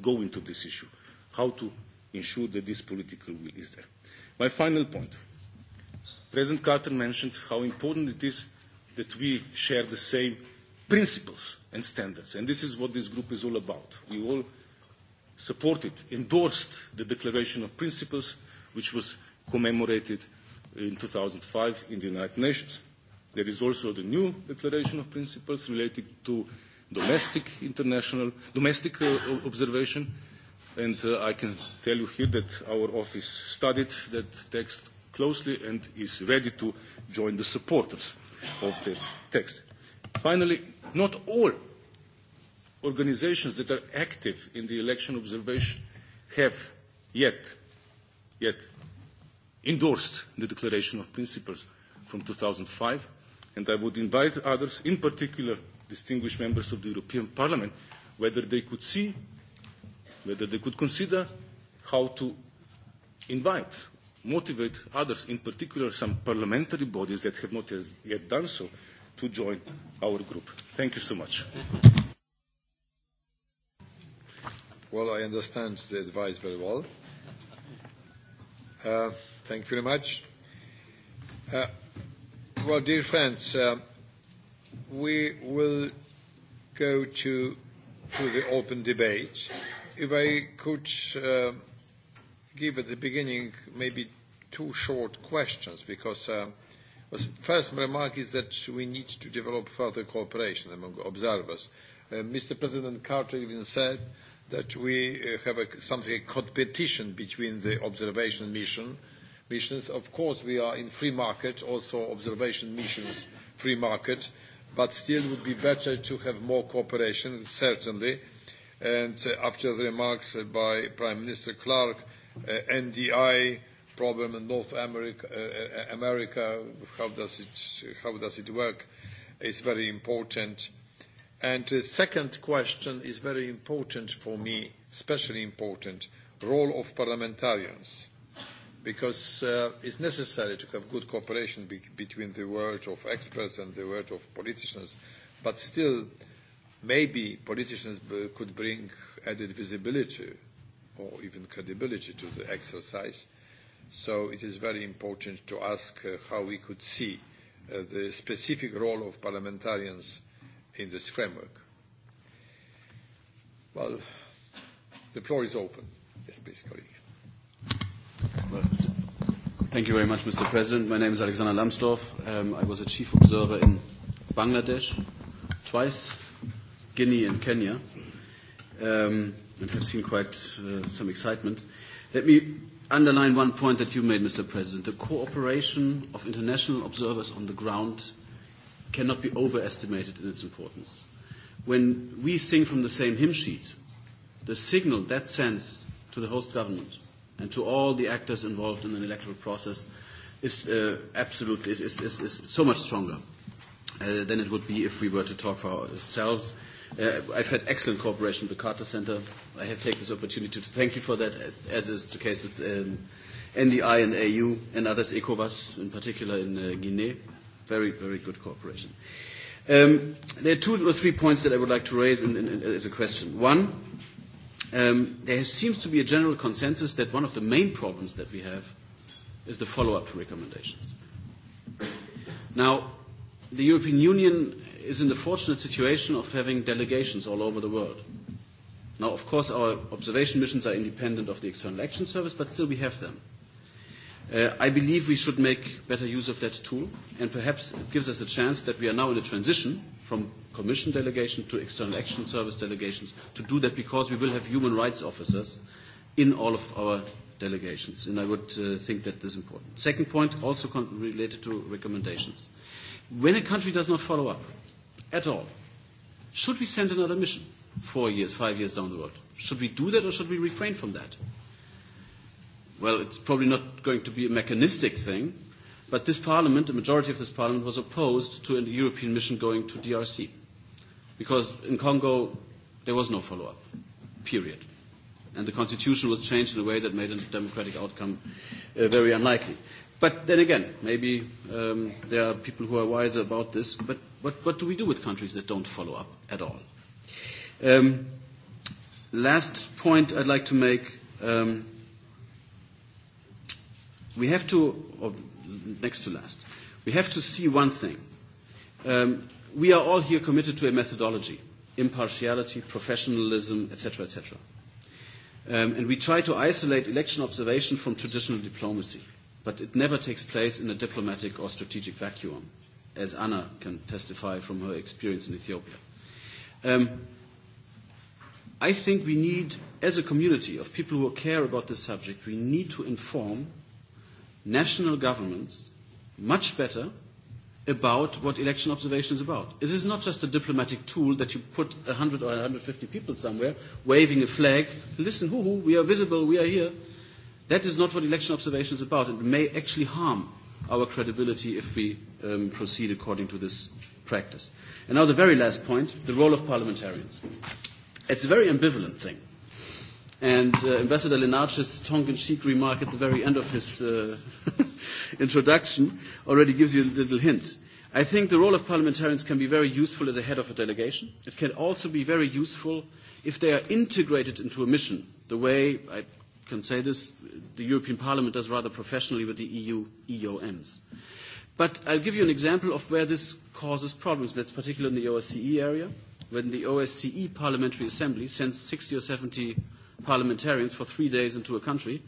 go into this issue, how to ensure that this political will is there. My final point President Carter mentioned how important it is that we share the same principles and standards. And this is what this group is all about. We all supported, endorsed the Declaration of Principles, which was commemorated in 2005 in the United Nations. There is also the new Declaration of Principles related to domestic international, domestic observation. And I can tell you here that our office studied that text closely and is ready to join the supporters of the text. Finally, not all organisations that are active in the election observation have yet yet endorsed the Declaration of Principles from 2005, and I would invite others, in particular distinguished members of the European Parliament, whether they could see, whether they could consider how to invite motivate others, in particular some parliamentary bodies that have not yet done so, to join our group. Thank you so much. Well, I understand the advice very well. Thank you very much. Well, dear friends, we will go to the open debate. If I could give at the beginning maybe two short questions because the first remark is that we need to develop further cooperation among observers. Mr. President Carter even said that we have something a competition between the observation mission missions. Of course, we are in free market, also observation missions free market, but still it would be better to have more cooperation, certainly. And after the remarks by Prime Minister Clark, NDI problem in North America, America how, does it, how does it work, is very important. And the second question is very important for me, especially important, role of parliamentarians, because it's necessary to have good cooperation between the world of experts and the world of politicians, but still maybe politicians could bring added visibility or even credibility to the exercise So it is very important to ask how we could see the specific role of parliamentarians in this framework. Well, the floor is open. Yes, please, colleague. Thank you very much, Mr. President. My name is Alexander Lambsdorff. I was a chief observer in Bangladesh twice, Guinea and Kenya, and have seen quite some excitement. Let me underline one point that you made, Mr. President. The cooperation of international observers on the ground cannot be overestimated in its importance. When we sing from the same hymn sheet, the signal that sends to the host government and to all the actors involved in an electoral process is absolutely is is so much stronger than it would be if we were to talk for ourselves. I've had excellent cooperation with the Carter Center I have taken this opportunity to thank you for that, as is the case with NDI and AU and others, ECOWAS in particular in Guinea. Very, very good cooperation. There are two or three points that I would like to raise as a question. One, there seems to be a general consensus that one of the main problems that we have is the follow-up to recommendations. Now, the European Union is in the fortunate situation of having delegations all over the world. Now, of course, our observation missions are independent of the External Action Service, but still we have them. I believe we should make better use of that tool, and perhaps it gives us a chance that we are now in a transition from Commission delegation to External Action Service delegations to do that because we will have human rights officers in all of our delegations, and I would think that this is important. Second point, also related to recommendations. When a country does not follow up at all, should we send another mission? four years, five years down the road. Should we do that or should we refrain from that? Well, it's probably not going to be a mechanistic thing, but this parliament, the majority of this parliament, was opposed to a European mission going to DRC. Because in Congo, there was no follow-up, period. And the constitution was changed in a way that made a democratic outcome very unlikely. But then again, maybe there are people who are wiser about this, but what do we do with countries that don't follow up at all? Last point I'd like to make. We have to, or next to last, we have to see one thing. We are all here committed to a methodology, impartiality, professionalism, etc., etc. And we try to isolate election observation from traditional diplomacy, but it never takes place in a diplomatic or strategic vacuum, as Anna can testify from her experience in Ethiopia. I think we need, as a community of people who care about this subject, we need to inform national governments much better about what election observation is about. It is not just a diplomatic tool that you put 100 or 150 people somewhere waving a flag, listen, hoo-hoo, we are visible, we are here. That is not what election observation is about. It may actually harm our credibility if we proceed according to this practice. And now the very last point, the role of parliamentarians. It's a very ambivalent thing. And Ambassador Lenarch's tongue-in-cheek remark at the very end of his introduction already gives you a little hint. I think the role of parliamentarians can be very useful as a head of a delegation. It can also be very useful if they are integrated into a mission, the way, I can say this, the European Parliament does rather professionally with the EU EOMs. But I'll give you an example of where this causes problems. That's particularly in the OSCE area when the OSCE Parliamentary Assembly sends 60 or 70 parliamentarians for three days into a country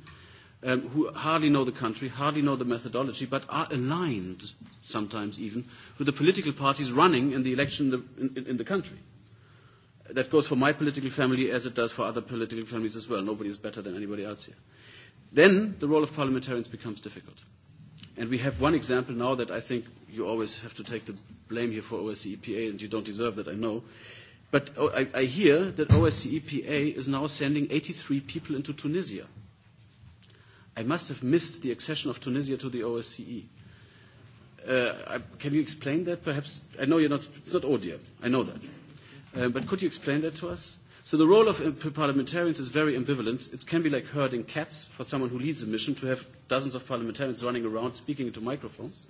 who hardly know the country, hardly know the methodology, but are aligned sometimes even with the political parties running in the election in the country. That goes for my political family as it does for other political families as well. Nobody is better than anybody else here. Then the role of parliamentarians becomes difficult. And we have one example now that I think you always have to take the blame here for OSCEPA and you don't deserve that, I know. But I hear that OSCEPA is now sending 83 people into Tunisia. I must have missed the accession of Tunisia to the OSCE. Can you explain that? Perhaps I know you're not. It's not ODIHR. I know that. But could you explain that to us? So the role of parliamentarians is very ambivalent. It can be like herding cats for someone who leads a mission to have dozens of parliamentarians running around speaking into microphones.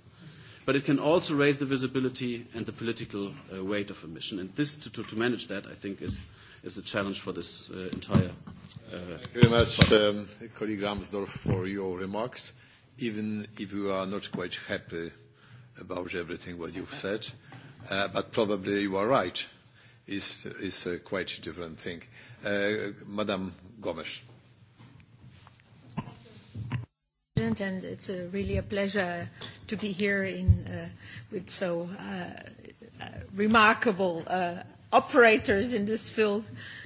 But it can also raise the visibility and the political weight of a mission. And this, to manage that, I think, is is a challenge for this entire. Thank you very much, colleague Ramsdorf, for your remarks. Even if you are not quite happy about everything what you've said, but probably you are right is is a quite different thing. Madam Gomes. And it's really a pleasure to be here in with so remarkable operators in this field,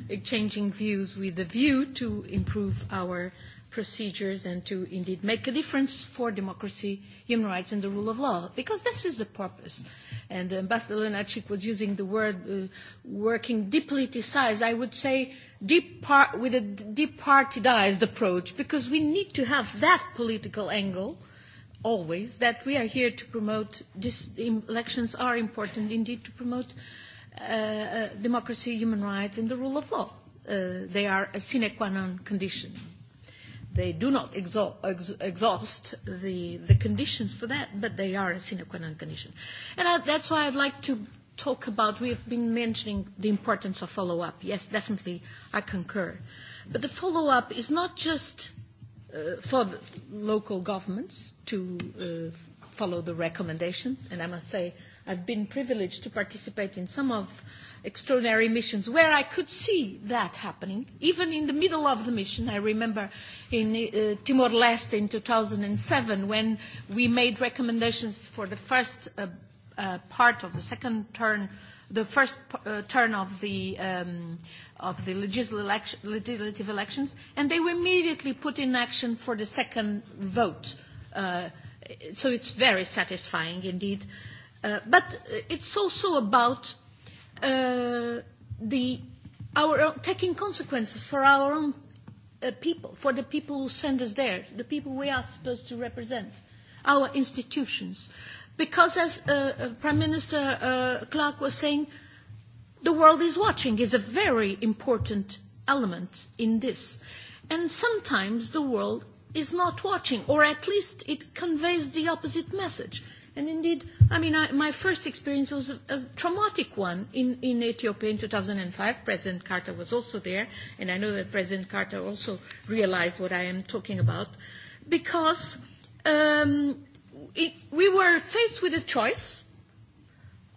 exchanging views with a view to improve our procedures and to indeed make a difference for democracy human rights and the rule of law, because this is the purpose. And Ambassador Lenarchik was using the word working depoliticized. I would say with a departidized approach, because we need to have that political angle always, that we are here to promote, these elections are important indeed to promote democracy, human rights, and the rule of law. They are a sine qua non condition They do not exhaust the conditions for that, but they are a sine qua non condition. And that's why I'd like to talk about, we have been mentioning the importance of follow-up. Yes, definitely, I concur. But the follow-up is not just for local governments to follow the recommendations, and I must say I've been privileged to participate in some of extraordinary missions where I could see that happening. Even in the middle of the mission, I remember in Timor-Leste in 2007 when we made recommendations for the first part of the second turn, the first turn of the of the legislative elections, and they were immediately put in action for the second vote. So it's very satisfying indeed But it's also about the our taking consequences for our own people, for the people who send us there, the people we are supposed to represent, our institutions. Because as Prime Minister Clark was saying, the world is watching is a very important element in this. And sometimes the world is not watching, or at least it conveys the opposite message. And indeed, I mean, my first experience was a traumatic one in Ethiopia in 2005. President Carter was also there, and I know that President Carter also realized what I am talking about, because we were faced with a choice.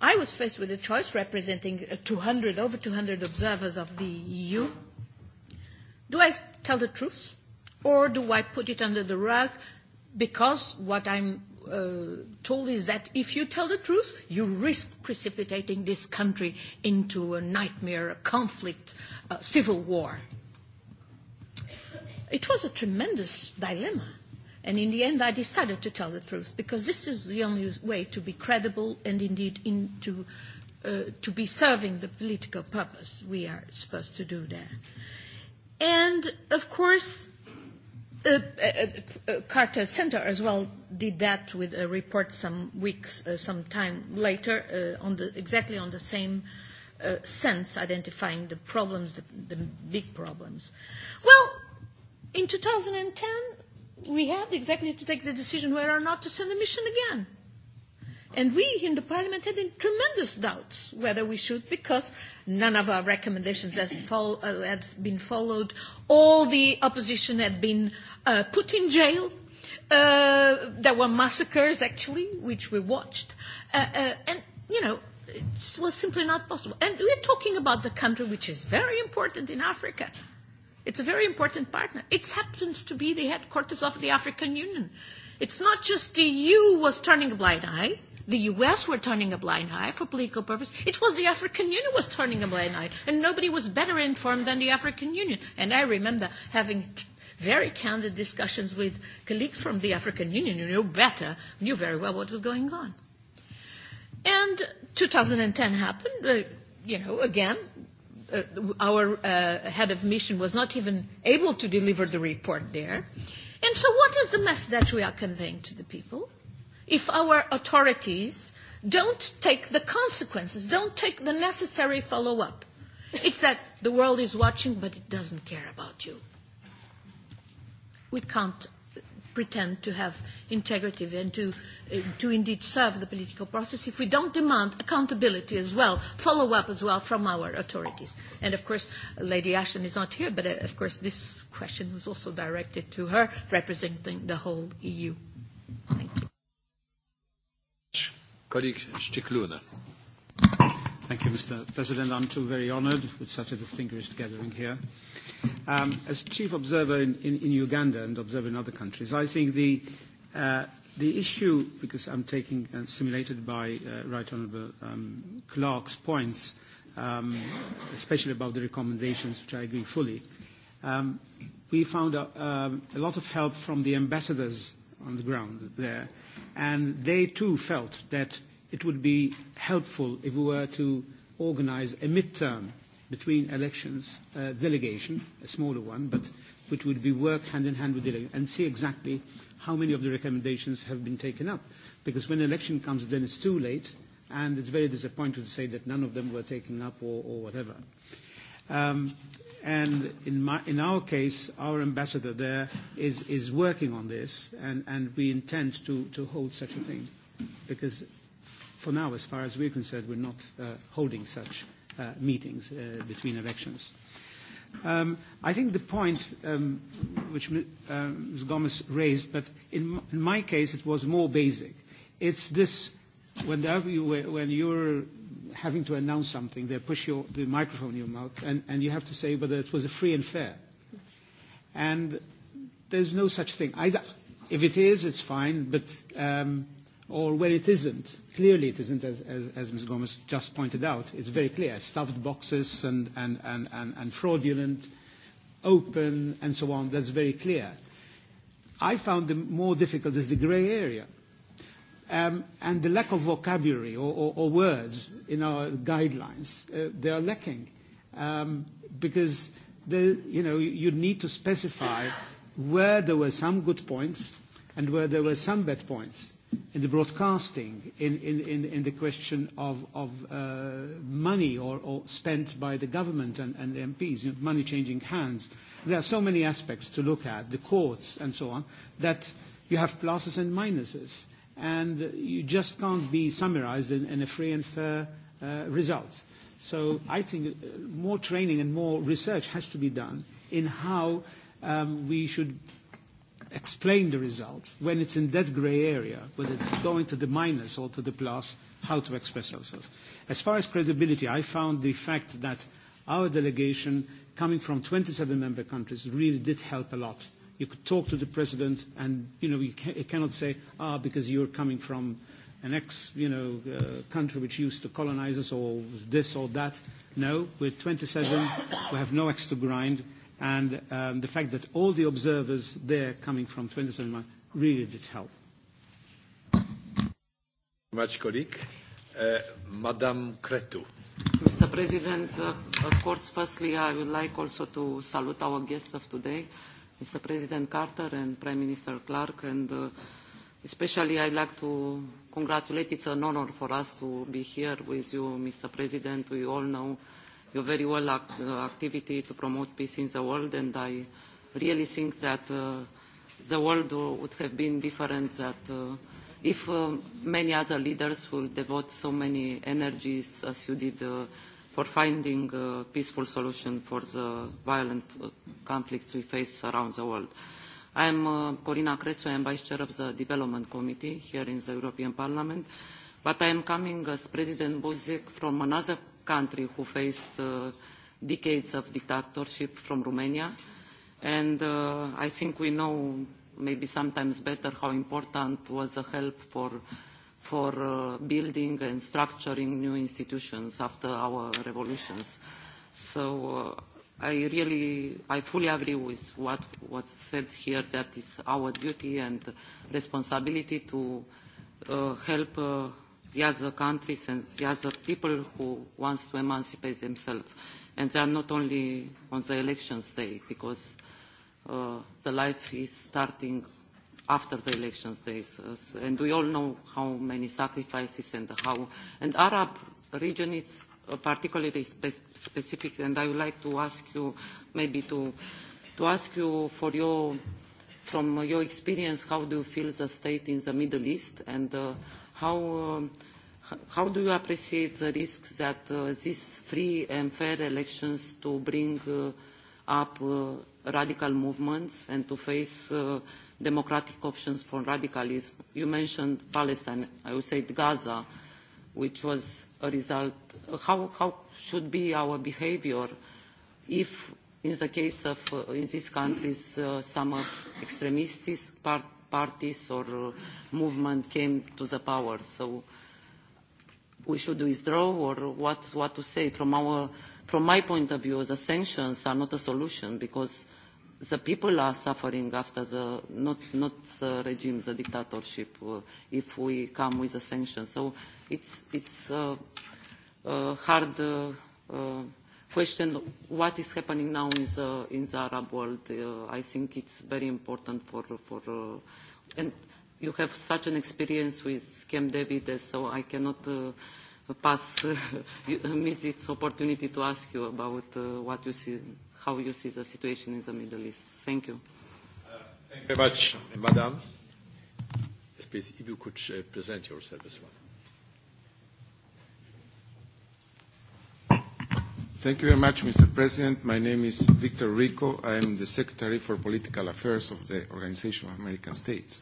I was faced with a choice representing 200, over 200 observers of the EU. Do I tell the truth, or do I put it under the rug because what I'm told is that if you tell the truth, you risk precipitating this country into a nightmare, a conflict, a civil war. It was a tremendous dilemma. And in the end, I decided to tell the truth because this is the only way to be credible and indeed to be serving the political purpose we are supposed to do there. And, of course, Carter Center as well did that with a report some weeks, some time later, on the exactly on the same sense, identifying the problems, the big problems. Well, in 2010 we had exactly to take the decision whether or not to send a mission again. And we in the Parliament had tremendous doubts whether we should, because none of our recommendations had been followed, all the opposition had been put in jail, there were massacres actually, which we watched, and you know it was simply not possible. And we're talking about the country which is very important in Africa. It's a very important partner. It happens to be the headquarters of the African Union. It's not just the EU was turning a blind eye the U.S. were turning a blind eye for political purpose. It was the African Union was turning a blind eye, and nobody was better informed than the African Union. And I remember having very candid discussions with colleagues from the African Union who knew better, knew very well what was going on. And 2010 happened. You know, again, our head of mission was not even able to deliver the report there. And so what is the message that we are conveying to the people? if our authorities don't take the consequences, don't take the necessary follow-up. It's that the world is watching, but it doesn't care about you. We can't pretend to have integrity and to, to indeed serve the political process if we don't demand accountability as well, follow-up as well from our authorities. And of course, Lady Ashton is not here, but of course this question was also directed to her representing the whole EU. Thank you. Thank you, Mr. President. I'm too very honoured with such a distinguished gathering here. As chief observer in Uganda and observer in other countries, I think the the issue, because I'm taking and simulated by Right Honourable Clark's points, especially about the recommendations, which I agree fully, we found a lot of help from the ambassadors on the ground there. And they too felt that it would be helpful if we were to organize a midterm between elections delegation, a smaller one, but which would be work hand in hand with delegation and see exactly how many of the recommendations have been taken up. Because when election comes, then it's too late, and it's very disappointing to say that none of them were taken up or whatever. And in our case, our ambassador there is working on this, and we intend to hold such a thing, because for now, as far as we're concerned, we're not holding such meetings between elections. I think the point which Ms. Gomez raised, but in my case, it was more basic. It's this, when you're having to announce something, they push your, the microphone in your mouth, and, and you have to say whether it was a free and fair. And there's no such thing. if it is, it's fine, but um, or when it isn't, clearly it isn't, as, as, as Ms. Gomez just pointed out. It's very clear, stuffed boxes and, and, and, and, and fraudulent, open, and so on. That's very clear. I found the more difficult is the grey area and the lack of vocabulary or words in our guidelines, they are lacking because you know you need to specify where there were some good points and where there were some bad points in the broadcasting, in the question of money or spent by the government and MPs, money changing hands. There are so many aspects to look at, the courts and so on, that you have pluses and minuses and you just can't be summarized in a free and fair result. So I think more training and more research has to be done in how we should explain the result when it's in that gray area, whether it's going to the minus or to the plus, how to express ourselves. As far as credibility, I found the fact that our delegation coming from 27 member countries really did help a lot You could talk to the president, and you know you cannot say, ah, because you're coming from an ex, you know, country which used to colonize us or this or that. No, we're 27. We have no ex to grind, and the fact that all the observers there coming from 27 really did help. Much colleague, Madame Cretu. Mr. President, of course, firstly I would like also to salute our guests of today Mr. President Carter and Prime Minister Clark, and especially I'd like to congratulate. It's an honor for us to be here with you, Mr. President. We all know your very well activity to promote peace in the world, and I really think that the world would have been different that if many other leaders would devote so many energies as you did for finding a peaceful solution for the violent conflicts we face around the world. I am Corina Crețu, I am Vice Chair of the Development Committee here in the European Parliament, but I am coming as President Buzek from another country who faced decades of dictatorship from Romania, and I think we know maybe sometimes better how important was the help for for building and structuring new institutions after our revolutions. So I really, I fully agree with what was said here that is our duty and responsibility to help the other countries and the other people who want to emancipate themselves. And they are not only on the elections day because the life is starting after the elections days. And we all know how many sacrifices and how. And Arab region is particularly specific, and I would like to ask you, maybe to ask you for your, from your experience, how do you feel the state in the Middle East and how. How do you appreciate the risk that these free and fair elections to bring up radical movements and to face democratic options for radicalism. You mentioned Palestine, I would say Gaza, which was a result. How should be our behavior if, in the case of in these countries, some extremist parties or movement came to the power? So we should withdraw or what to say. From my point of view, the sanctions are not a solution because the people are suffering after the not not the regime the dictatorship if we come with the sanctions so it's it's a hard question what is happening now in the in the arab world i think it's very important for for and you have such an experience with camp david so i cannot pass miss its opportunity to ask you about what you see, how you see the situation in the Middle East. Thank you. Thank you very much, Madam. Please, if you could present yourself as well. Thank you very much, Mr. President. My name is Victor Rico. I am the Secretary for Political Affairs of the Organization of American States.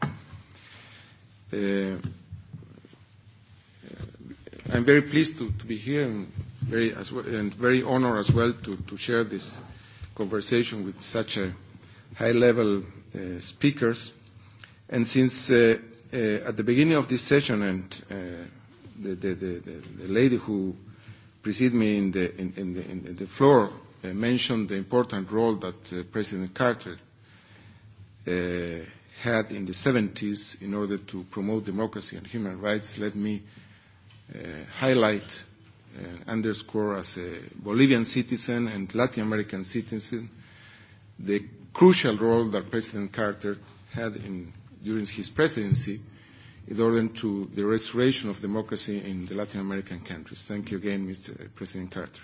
I'm very pleased to be here and very and very honored as well to share this conversation with such a high-level speakers. And since at the beginning of this session and the lady who preceded me in the floor mentioned the important role that President Carter had in the 70s in order to promote democracy and human rights, let me highlight and underscore as a Bolivian citizen and Latin American citizen the crucial role that President Carter had in during his presidency in order to the restoration of democracy in the Latin American countries. Thank you again, Mr. President Carter.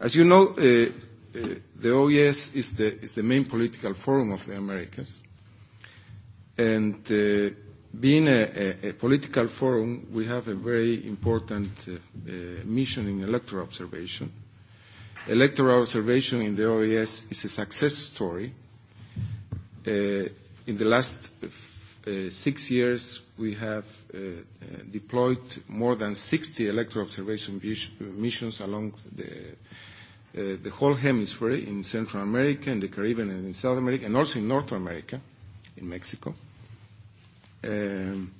As you know, the OES is the main political forum of the Americas, and Being a political forum, we have a very important mission in electoral observation. Electoral observation in the OAS is a success story. In the last six years, we have deployed more than 60 electoral observation missions along the whole hemisphere, in Central America, in the Caribbean, and in South America, and also in North America, in Mexico. In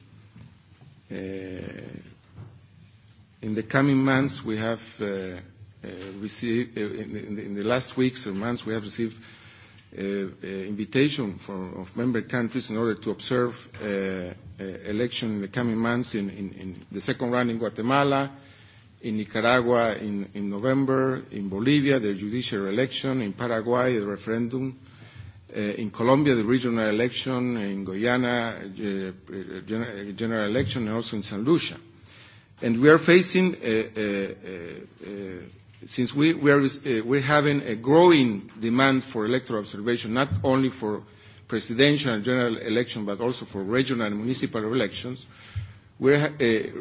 the coming months, we have received, in the last weeks or months, we have received invitation of member countries in order to observe election in the coming months in the second round in Guatemala, in Nicaragua in November, in Bolivia, the judicial election, in Paraguay, the referendum in Colombia, the regional election, in Guyana, general election, and also in San Lucia. And we are facing, since we are having a growing demand for electoral observation, not only for presidential and general election, but also for regional and municipal elections, we're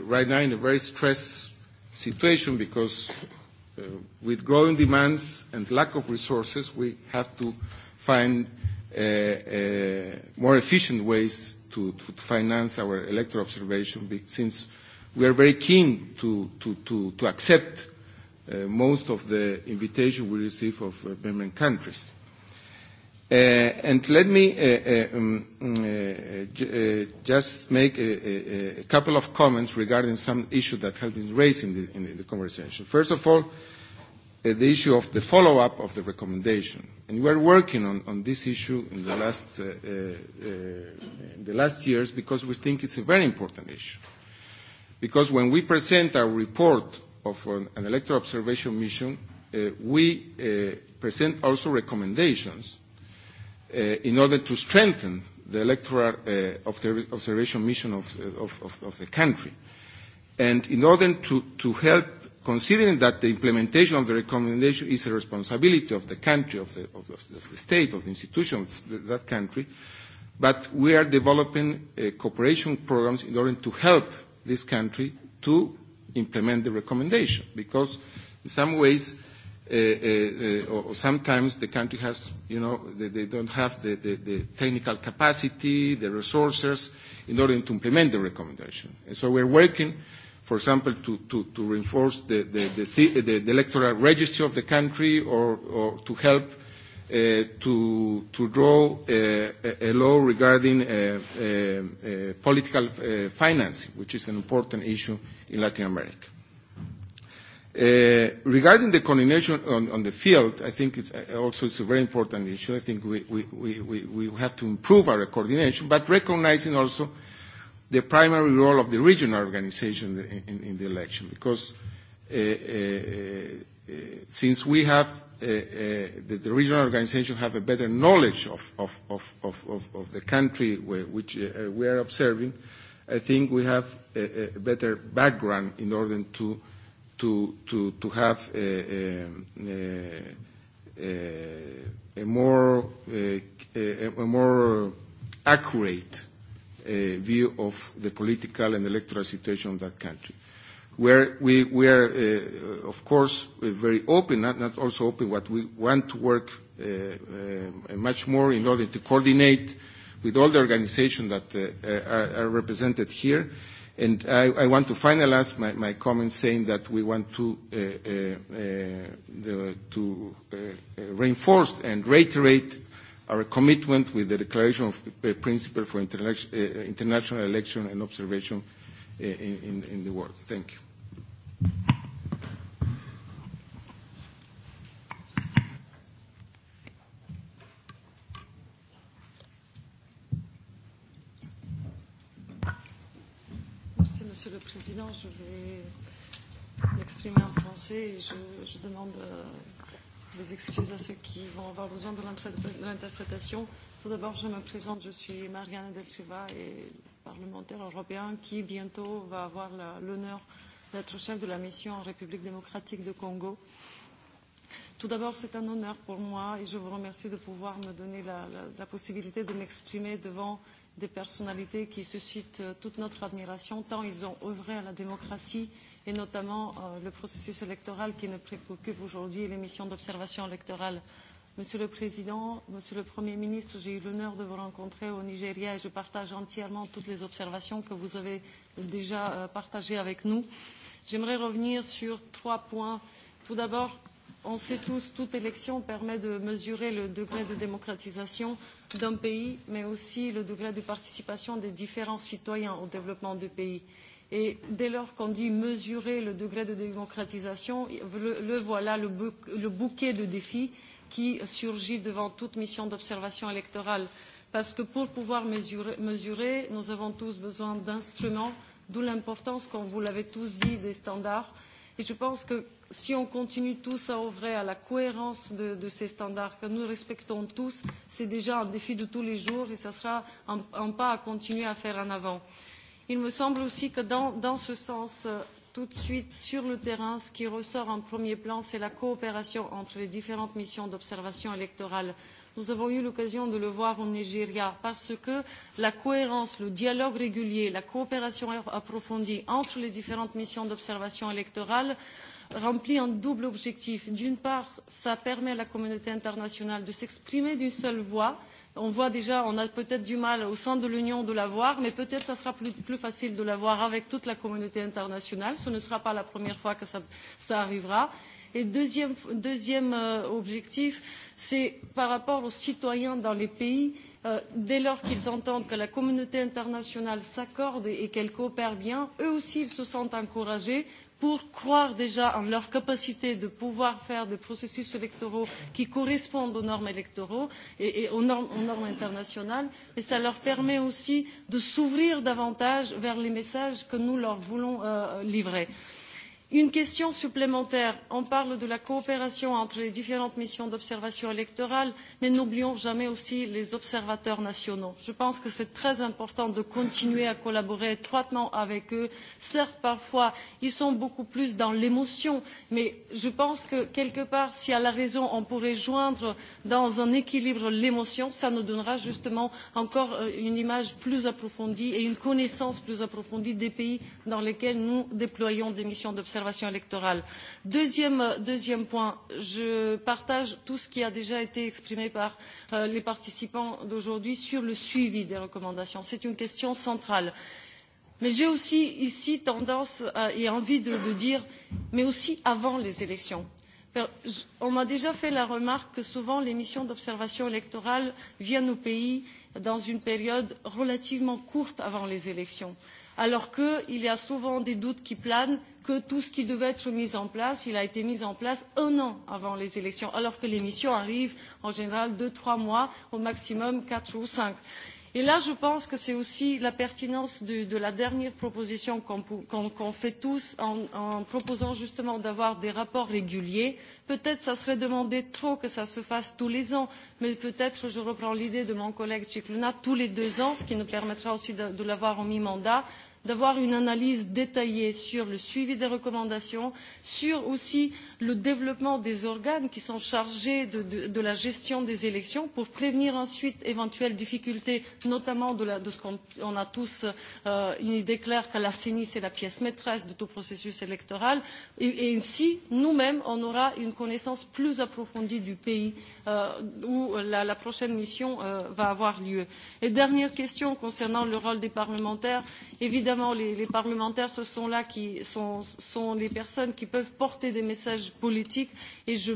right now in a very stressed situation because with growing demands and lack of resources, we have to find more efficient ways to finance our electoral observation, since we are very keen to accept most of the invitation we receive of member countries. And let me just make a couple of comments regarding some issues that have been raised in the conversation. First of all, the issue of the follow-up of the recommendation. And we are working on this issue in the last years because we think it's a very important issue. Because when we present our report of an electoral observation mission, we present also recommendations in order to strengthen the electoral observation mission of the country. And in order to help considering that the implementation of the recommendation is a responsibility of the country, of the, of the state, of the institution of that country, but we are developing cooperation programs in order to help this country to implement the recommendation, because in some ways, or sometimes the country has, you know, they don't have the technical capacity, the resources in order to implement the recommendation. And so we're working for example, to, to, to reinforce the, the, the, the electoral registry of the country or, or to help to, to draw a, law regarding political financing, which is an important issue in Latin America. regarding the coordination on, on the field, I think it's also it's a very important issue. I think we, we, we, we have to improve our coordination, but recognizing also the primary role of the regional organization in the election, because since we have the regional organization have a better knowledge of the country which we are observing, I think we have a better background in order to to to have a more a more accurate view of the political and electoral situation of that country. Where we, are, of course, very open, not, not also open, but we want to work much more in order to coordinate with all the organizations that are, represented here. And I, I want to finalize my, my comments saying that we want to, to reinforce and reiterate our commitment with the Declaration of Principle for International Election and Observation in the world. Thank you. Monsieur le Président. Je vais m'exprimer en français et je demande des excuses à ceux qui vont avoir besoin de l'interprétation. Tout d'abord, je me présente, je suis Mariana Del Silva, et parlementaire européen qui bientôt va avoir l'honneur d'être chef de la mission en République démocratique du Congo. Tout d'abord, c'est un honneur pour moi et je vous remercie de pouvoir me donner la possibilité de m'exprimer devant des personnalités qui suscitent toute notre admiration, tant ils ont œuvré à la démocratie et notamment le processus électoral qui nous préoccupe aujourd'hui, les missions d'observation électorale. Monsieur le Président, Monsieur le Premier ministre, j'ai eu l'honneur de vous rencontrer au Nigeria et je partage entièrement toutes les observations que vous avez déjà partagées avec nous. J'aimerais revenir sur trois points. Tout d'abord, on sait tous, toute élection permet de mesurer le degré de démocratisation d'un pays, mais aussi le degré de participation des différents citoyens au développement du pays Et dès lors qu'on dit mesurer le degré de démocratisation, le voilà le bouquet de défis qui surgit devant toute mission d'observation électorale. Parce que pour pouvoir mesurer, nous avons tous besoin d'instruments, d'où l'importance, comme vous l'avez tous dit, des standards. Et je pense que si on continue tous à œuvrer à la cohérence de ces standards que nous respectons tous, c'est déjà un défi de tous les jours et ce sera un pas à continuer à faire en avant il me semble aussi que dans ce sens tout de suite sur le terrain ce qui ressort en premier plan c'est la coopération entre les différentes missions d'observation électorale. nous avons eu l'occasion de le voir au nigeria parce que la cohérence le dialogue régulier la coopération approfondie entre les différentes missions d'observation électorale remplit un double objectif d'une part cela permet à la communauté internationale de s'exprimer d'une seule voix on voit déjà, on a peut-être du mal au sein de l'Union de l'avoir, mais peut-être ça sera plus facile de l'avoir avec toute la communauté internationale. Ce ne sera pas la première fois que ça arrivera. Et deuxième objectif, c'est par rapport aux citoyens dans les pays, dès lors qu'ils entendent que la communauté internationale s'accorde et qu'elle coopère bien, eux aussi, ils se sentent encouragés pour croire déjà en leur capacité de pouvoir faire des processus électoraux qui correspondent aux normes électorales et aux normes internationales et cela leur permet aussi de s'ouvrir davantage vers les messages que nous leur voulons livrer. Une question supplémentaire. On parle de la coopération entre les différentes missions d'observation électorale, mais n'oublions jamais aussi les observateurs nationaux. Je pense que c'est très important de continuer à collaborer étroitement avec eux. Certes, parfois, ils sont beaucoup plus dans l'émotion, mais je pense que, quelque part, si à la raison on pourrait joindre dans un équilibre l'émotion, cela nous donnera justement encore une image plus approfondie et une connaissance plus approfondie des pays dans lesquels nous déployons des missions d'observation électorale. Deuxième point, je partage tout ce qui a déjà été exprimé par les participants d'aujourd'hui sur le suivi des recommandations. C'est une question centrale. Mais j'ai aussi ici tendance et envie de le dire, mais aussi avant les élections. On m'a déjà fait la remarque que souvent les missions d'observation électorale viennent au pays dans une période relativement courte avant les élections alors qu'il y a souvent des doutes qui planent que tout ce qui devait être mis en place a été mis en place un an avant les élections alors que les missions arrivent en général deux trois mois au maximum quatre ou cinq. et là je pense que c'est aussi la pertinence de la dernière proposition qu'on fait tous en proposant justement d'avoir des rapports réguliers. peut être serait ce demander trop que cela se fasse tous les ans mais peut être je reprends l'idée de mon collègue scicluna tous les deux ans ce qui nous permettra aussi de l'avoir en mi mandat d'avoir une analyse détaillée sur le suivi des recommandations, sur aussi le développement des organes qui sont chargés de la gestion des élections pour prévenir ensuite éventuelles difficultés, notamment de ce qu'on a tous une idée claire que la CENI, c'est la pièce maîtresse de tout processus électoral. Et ainsi, nous-mêmes, on aura une connaissance plus approfondie du pays où la prochaine mission va avoir lieu. Et dernière question concernant le rôle des parlementaires. Évidemment, évidemment les parlementaires ce sont là qui sont les personnes qui peuvent porter des messages politiques et je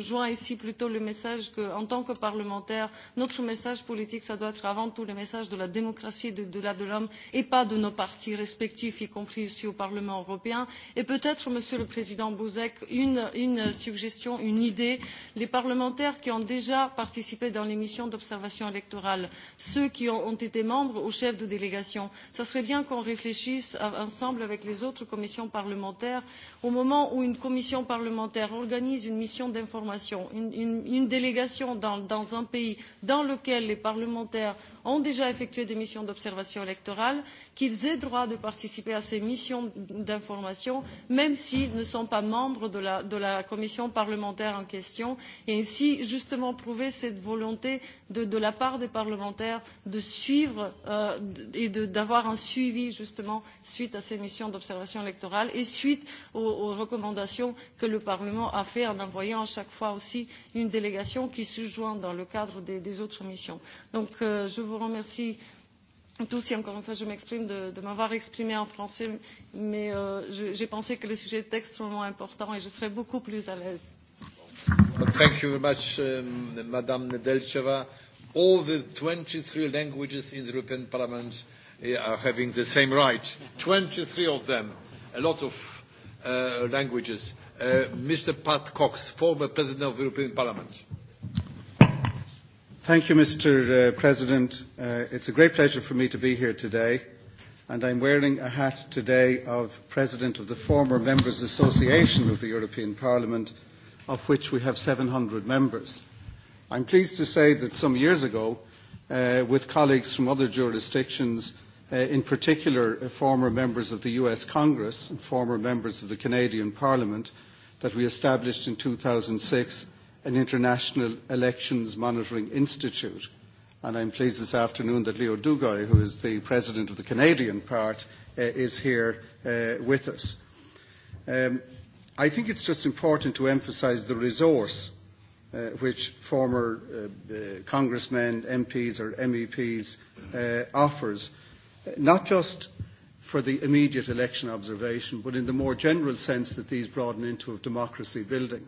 joins ici plutôt le message qu'en tant que parlementaire, notre message politique ça doit être avant tout le message de la démocratie et de la de l'homme et pas de nos partis respectifs y compris ici au parlement européen et peut être monsieur le président Bouzek, une suggestion une idée les parlementaires qui ont déjà participé dans les missions d'observation électorale ceux qui ont été membres ou chefs de délégation Ce serait bien qu'on réfléchisse ensemble avec les autres commissions parlementaires au moment où une commission parlementaire organise une mission d'information, une délégation dans un pays dans lequel les parlementaires ont déjà effectué des missions d'observation électorale, qu'ils aient droit de participer à ces missions d'information, même s'ils ne sont pas membres de la commission parlementaire en question, et ainsi justement prouver cette volonté de la part des parlementaires de suivre et de d'avoir un suivi justement suite à ces missions d'observation électorale et suite aux recommandations que le Parlement a fait en envoyant à chaque fois aussi une délégation qui se joint dans le cadre des autres missions. Donc je vous remercie tous et encore une fois je m'exprime de m'avoir exprimé en français mais j'ai pensé que le sujet est extrêmement important et je serais beaucoup plus à l'aise. Thank you very much, Madame the 23 languages in the European Parliament are having the same right. 23 of them, a lot of languages. Mr. Pat Cox, former President of the European Parliament. Thank you, Mr. President. It's a great pleasure for me to be here today, and I'm wearing a hat today of President of the former Members Association of the European Parliament, of which we have 700 members. I'm pleased to say that some years ago, with colleagues from other jurisdictions, in particular former members of the US Congress and former members of the Canadian Parliament, that we established in 2006 an International Elections Monitoring Institute. And am pleased this afternoon that Leo Duguay, who is the president of the Canadian part, is here with us. I think it is just important to emphasise the resource which former congressmen, MPs or MEPs offers not just for the immediate election observation, but in the more general sense that these broaden into of democracy building.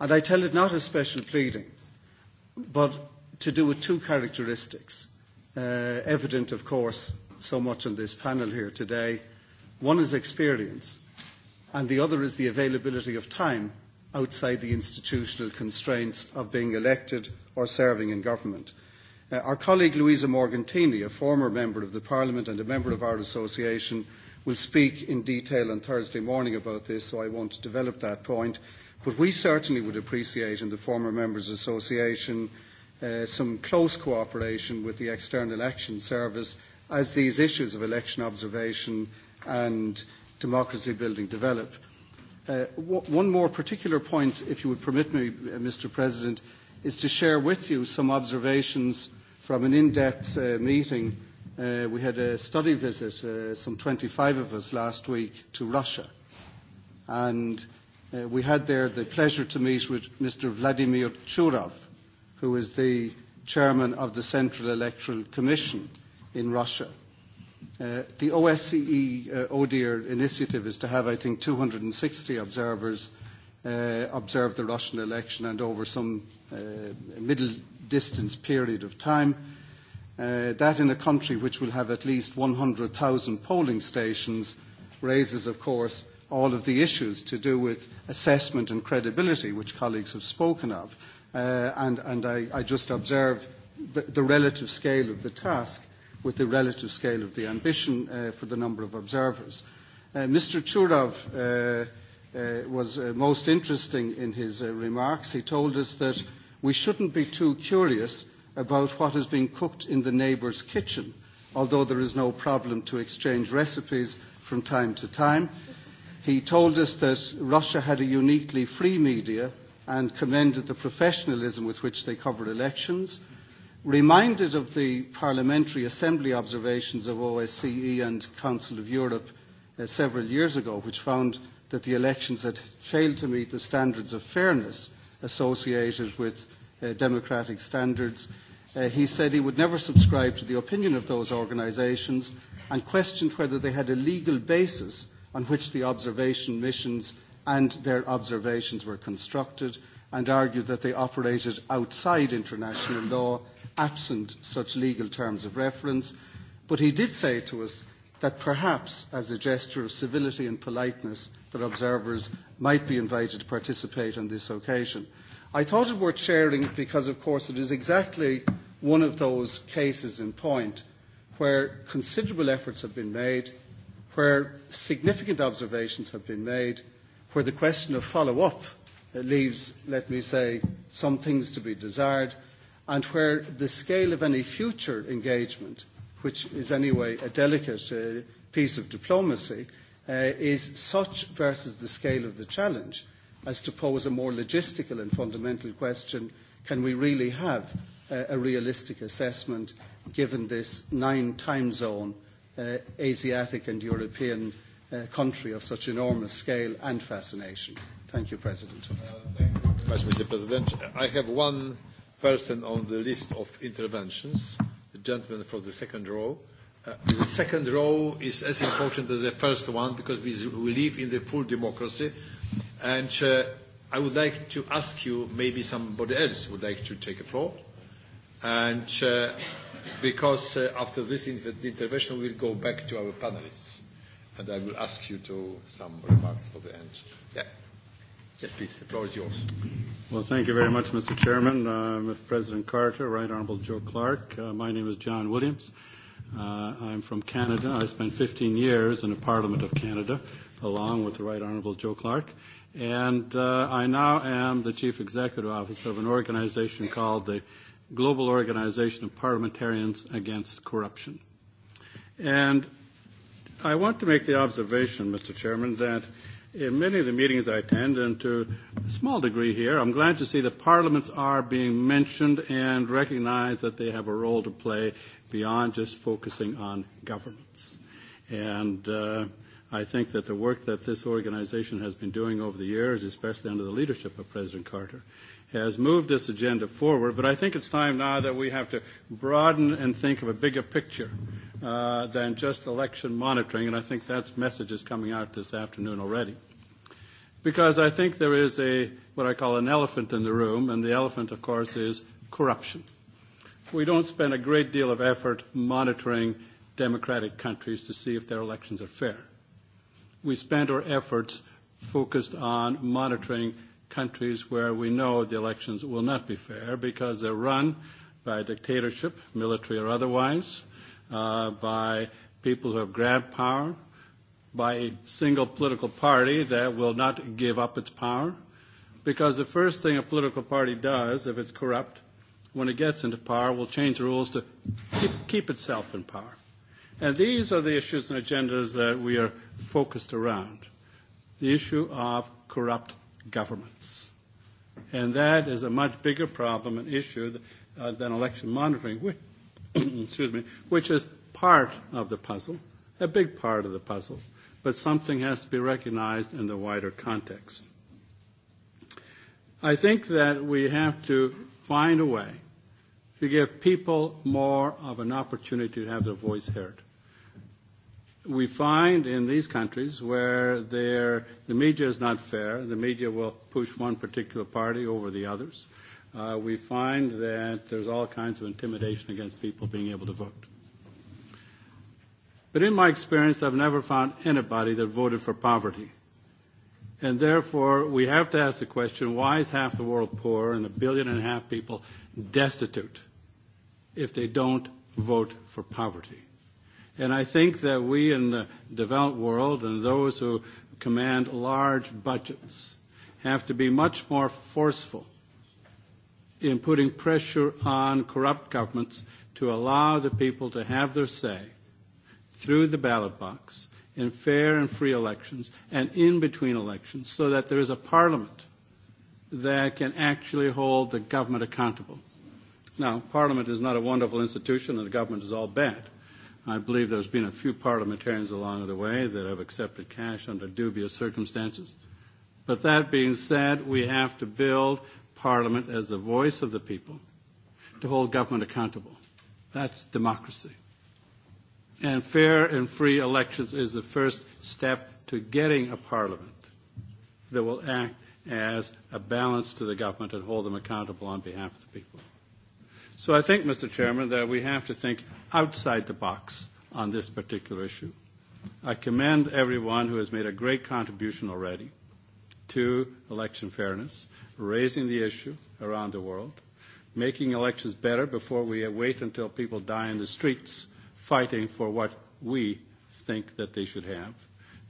And I tell it not as special pleading, but to do with two characteristics, evident, of course, so much on this panel here today. One is experience, and the other is the availability of time outside the institutional constraints of being elected or serving in government. Our colleague Louisa Morgantini, a former member of the Parliament and a member of our association, will speak in detail on Thursday morning about this, so I want to develop that point. But we certainly would appreciate in the former members' association some close cooperation with the External Action Service as these issues of election observation and democracy building develop. One more particular point, if you would permit me, Mr. President, is to share with you some observations from an in-depth meeting. We had a study visit, some 25 of us last week, to Russia. And we had there the pleasure to meet with Mr. Vladimir Churov, who is the chairman of the Central Electoral Commission in Russia. The OSCE ODIHR initiative is to have, I think, 260 observers observed the Russian election and over some middle distance period of time. That in a country which will have at least 100,000 polling stations raises, of course, all of the issues to do with assessment and credibility, which colleagues have spoken of. And I just observe the relative scale of the task with the relative scale of the ambition for the number of observers. Mr. Churov was most interesting in his remarks. He told us that we shouldn't be too curious about what has been cooked in the neighbour's kitchen, although there is no problem to exchange recipes from time to time. He told us that Russia had a uniquely free media and commended the professionalism with which they cover elections. Reminded of the Parliamentary Assembly observations of OSCE and Council of Europe several years ago, which found that the elections had failed to meet the standards of fairness associated with democratic standards. He said he would never subscribe to the opinion of those organisations and questioned whether they had a legal basis on which the observation missions and their observations were constructed and argued that they operated outside international law absent such legal terms of reference. But he did say to us that perhaps, as a gesture of civility and politeness, that observers might be invited to participate on this occasion. I thought it worth sharing because, of course, it is exactly one of those cases in point where considerable efforts have been made, where significant observations have been made, where the question of follow-up leaves, let me say, some things to be desired, and where the scale of any future engagement which is anyway a delicate piece of diplomacy, is such versus the scale of the challenge as to pose a more logistical and fundamental question, can we really have a realistic assessment given this nine time zone Asiatic and European country of such enormous scale and fascination? Thank you, President. Thank you very much, Mr. President. I have one person on the list of interventions gentleman from the second row. The second row is as important as the first one because we live in the full democracy. And I would like to ask you, maybe somebody else would like to take a floor. And because after this intervention, we'll go back to our panelists. And I will ask you to some remarks for the end. Yeah. Yes, please. The floor is yours. Well, thank you very much, Mr. Chairman, Mr. President Carter, Right Honourable Joe Clark. My name is John Williams. I'm from Canada. I spent 15 years in the Parliament of Canada, along with the Right Honourable Joe Clark. And I now am the Chief Executive Officer of an organization called the Global Organization of Parliamentarians Against Corruption. And I want to make the observation, Mr. Chairman, that in many of the meetings I attend, and to a small degree here, I'm glad to see that parliaments are being mentioned and recognized that they have a role to play beyond just focusing on governments. And I think that the work that this organization has been doing over the years, especially under the leadership of President Carter, has moved this agenda forward. But I think it's time now that we have to broaden and think of a bigger picture than just election monitoring, and I think that message is coming out this afternoon already because I think there is a what I call an elephant in the room, and the elephant, of course, is corruption. We don't spend a great deal of effort monitoring democratic countries to see if their elections are fair. We spend our efforts focused on monitoring countries where we know the elections will not be fair because they're run by dictatorship, military or otherwise, by people who have grabbed power, by a single political party that will not give up its power. Because the first thing a political party does, if it's corrupt, when it gets into power, will change the rules to keep itself in power. And these are the issues and agendas that we are focused around. The issue of corrupt governments. And that is a much bigger problem and issue than election monitoring, which, excuse me, which is part of the puzzle, a big part of the puzzle but something has to be recognized in the wider context. I think that we have to find a way to give people more of an opportunity to have their voice heard. We find in these countries where the media is not fair, the media will push one particular party over the others. We find that there's all kinds of intimidation against people being able to vote. But in my experience, I've never found anybody that voted for poverty. And therefore, we have to ask the question, why is half the world poor and a billion and a half people destitute if they don't vote for poverty? And I think that we in the developed world and those who command large budgets have to be much more forceful in putting pressure on corrupt governments to allow the people to have their say through the ballot box in fair and free elections and in between elections so that there is a parliament that can actually hold the government accountable. Now, parliament is not a wonderful institution and the government is all bad. I believe there's been a few parliamentarians along the way that have accepted cash under dubious circumstances. But that being said, we have to build parliament as the voice of the people to hold government accountable. That's democracy. And fair and free elections is the first step to getting a parliament that will act as a balance to the government and hold them accountable on behalf of the people. So I think, Mr. Chairman, that we have to think outside the box on this particular issue. I commend everyone who has made a great contribution already to election fairness, raising the issue around the world, making elections better before we wait until people die in the streets fighting for what we think that they should have.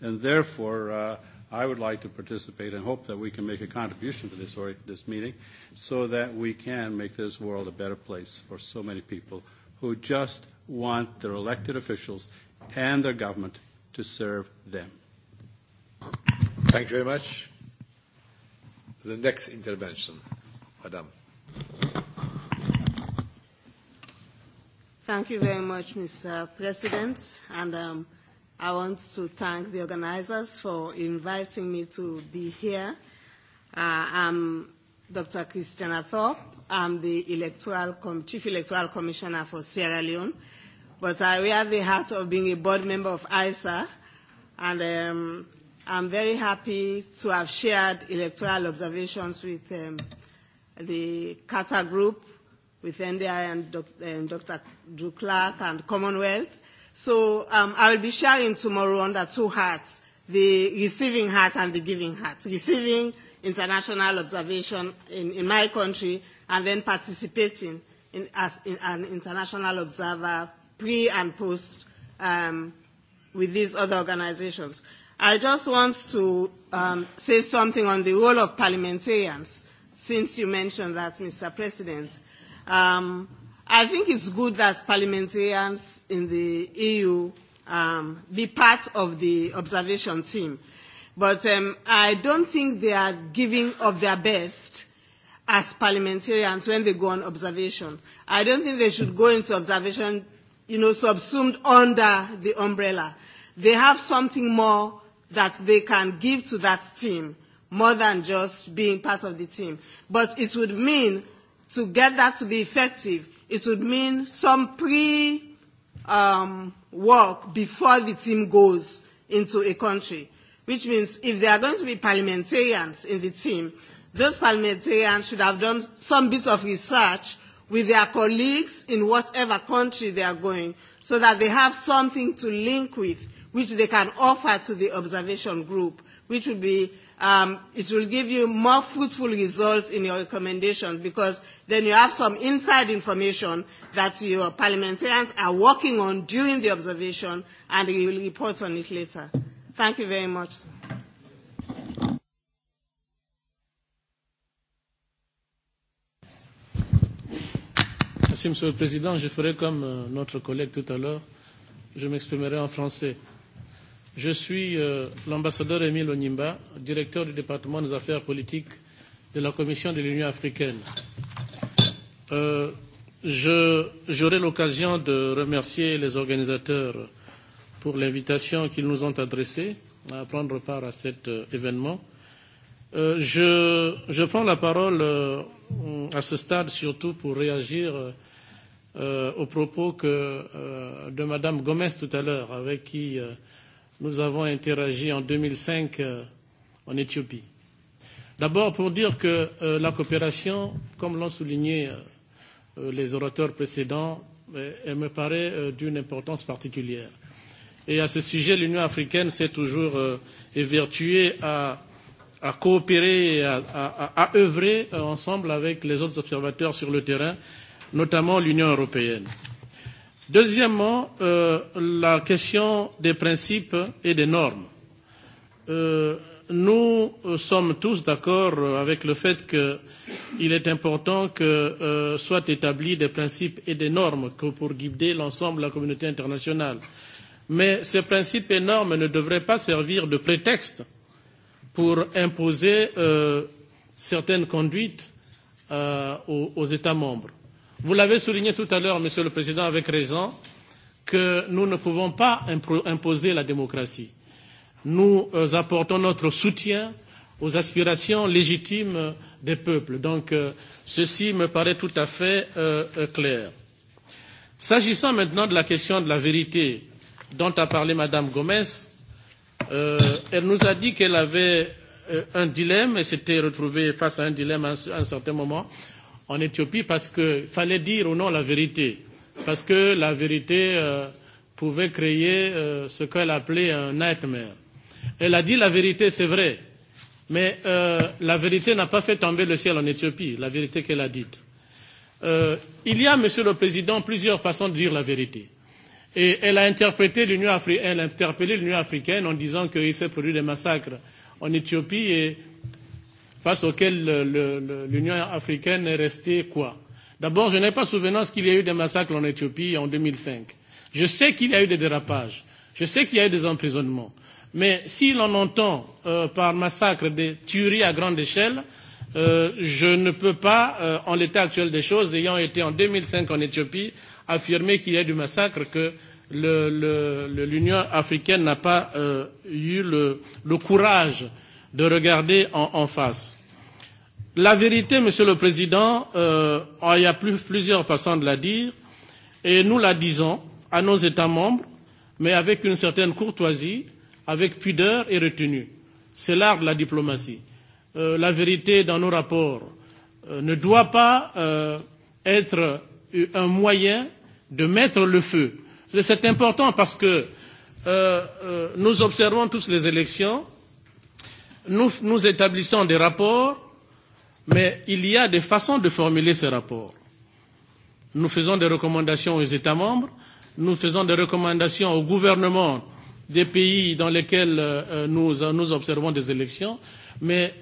And therefore, I would like to participate and hope that we can make a contribution to this, or this meeting so that we can make this world a better place for so many people who just want their elected officials and their government to serve them. Thank you very much. The next intervention, Madam. Thank you very much, Mr. President, and I want to thank the organizers for inviting me to be here. I'm Dr. Christiana Thorpe. I'm the electoral Chief Electoral Commissioner for Sierra Leone, but I wear the hat of being a board member of ISA, and I'm very happy to have shared electoral observations with the Qatar Group with NDI and Dr. Drew Clark and Commonwealth. So I will be sharing tomorrow under two hats, the receiving hat and the giving hat. Receiving international observation in my country and then participating as an international observer pre and post with these other organizations. I just want to say something on the role of parliamentarians, since you mentioned that, Mr. President. Um, I think it's good that parliamentarians in the EU um, be part of the observation team. But um, I don't think they are giving of their best as parliamentarians when they go on observation. I don't think they should go into observation, you know, subsumed under the umbrella. They have something more that they can give to that team, more than just being part of the team. But it would mean to get that to be effective, it would mean some pre-work before the team goes into a country, which means if there are going to be parliamentarians in the team, those parliamentarians should have done some bit of research with their colleagues in whatever country they are going, so that they have something to link with, which they can offer to the observation group, which would be Um it will give you more fruitful results in your recommendations because then you have some inside information that your parliamentarians are working on during the observation and you will report on it later. Thank you very much. Merci, Monsieur le Président. Je ferai comme notre collègue tout à l'heure. Je m'exprimerai en français. Je suis l'ambassadeur Émile Onimba, directeur du département des affaires politiques de la Commission de l'Union africaine. J'aurai l'occasion de remercier les organisateurs pour l'invitation qu'ils nous ont adressée à prendre part à cet événement. Je prends la parole à ce stade surtout pour réagir aux propos de Madame Gomez tout à l'heure, avec qui nous avons interagi en 2005 en Éthiopie. D'abord pour dire que la coopération, comme l'ont souligné les orateurs précédents, elle me paraît d'une importance particulière. Et à ce sujet, l'Union africaine s'est toujours évertuée à à coopérer et à œuvrer ensemble avec les autres observateurs sur le terrain, notamment l'Union européenne. Deuxièmement, la question des principes et des normes. Nous sommes tous d'accord avec le fait qu'il est important que soient établis des principes et des normes pour guider l'ensemble de la communauté internationale. Mais ces principes et normes ne devraient pas servir de prétexte pour imposer certaines conduites aux États membres. Vous l'avez souligné tout à l'heure, Monsieur le Président, avec raison, que nous ne pouvons pas imposer la démocratie. Nous apportons notre soutien aux aspirations légitimes des peuples. Donc, ceci me paraît tout à fait clair. S'agissant maintenant de la question de la vérité dont a parlé Madame Gomez, elle nous a dit qu'elle avait un dilemme et s'était retrouvée face à un dilemme à un certain moment en Éthiopie parce qu'il fallait dire ou non la vérité, parce que la vérité pouvait créer ce qu'elle appelait un nightmare. Elle a dit la vérité, c'est vrai, mais la vérité n'a pas fait tomber le ciel en Éthiopie, la vérité qu'elle a dite. Il y a, Monsieur le Président, plusieurs façons de dire la vérité. Et elle a interprété l'Union africaine, elle a interpellé l'Union africaine en disant qu'il s'est produit des massacres en Éthiopie et face auquel l'Union africaine est restée quoi D'abord, je n'ai pas souvenance qu'il y a eu des massacres en Éthiopie en 2005. Je sais qu'il y a eu des dérapages. Je sais qu'il y a eu des emprisonnements. Mais si l'on entend par massacre des tueries à grande échelle, je ne peux pas, en l'état actuel des choses, ayant été en 2005 en Éthiopie, affirmer qu'il y a eu du massacre que l'Union africaine n'a pas eu le courage de regarder en, en face. La vérité, Monsieur le Président, euh, il y a plus, plusieurs façons de la dire, et nous la disons à nos États membres, mais avec une certaine courtoisie, avec pudeur et retenue. C'est l'art de la diplomatie. Euh, la vérité dans nos rapports ne doit pas euh, être un moyen de mettre le feu. C'est important parce que euh, nous observons tous les élections nous, nous établissons des rapports, mais il y a des façons de formuler ces rapports. Nous faisons des recommandations aux États membres, nous faisons des recommandations aux gouvernements des pays dans lesquels nous, nous observons des élections, mais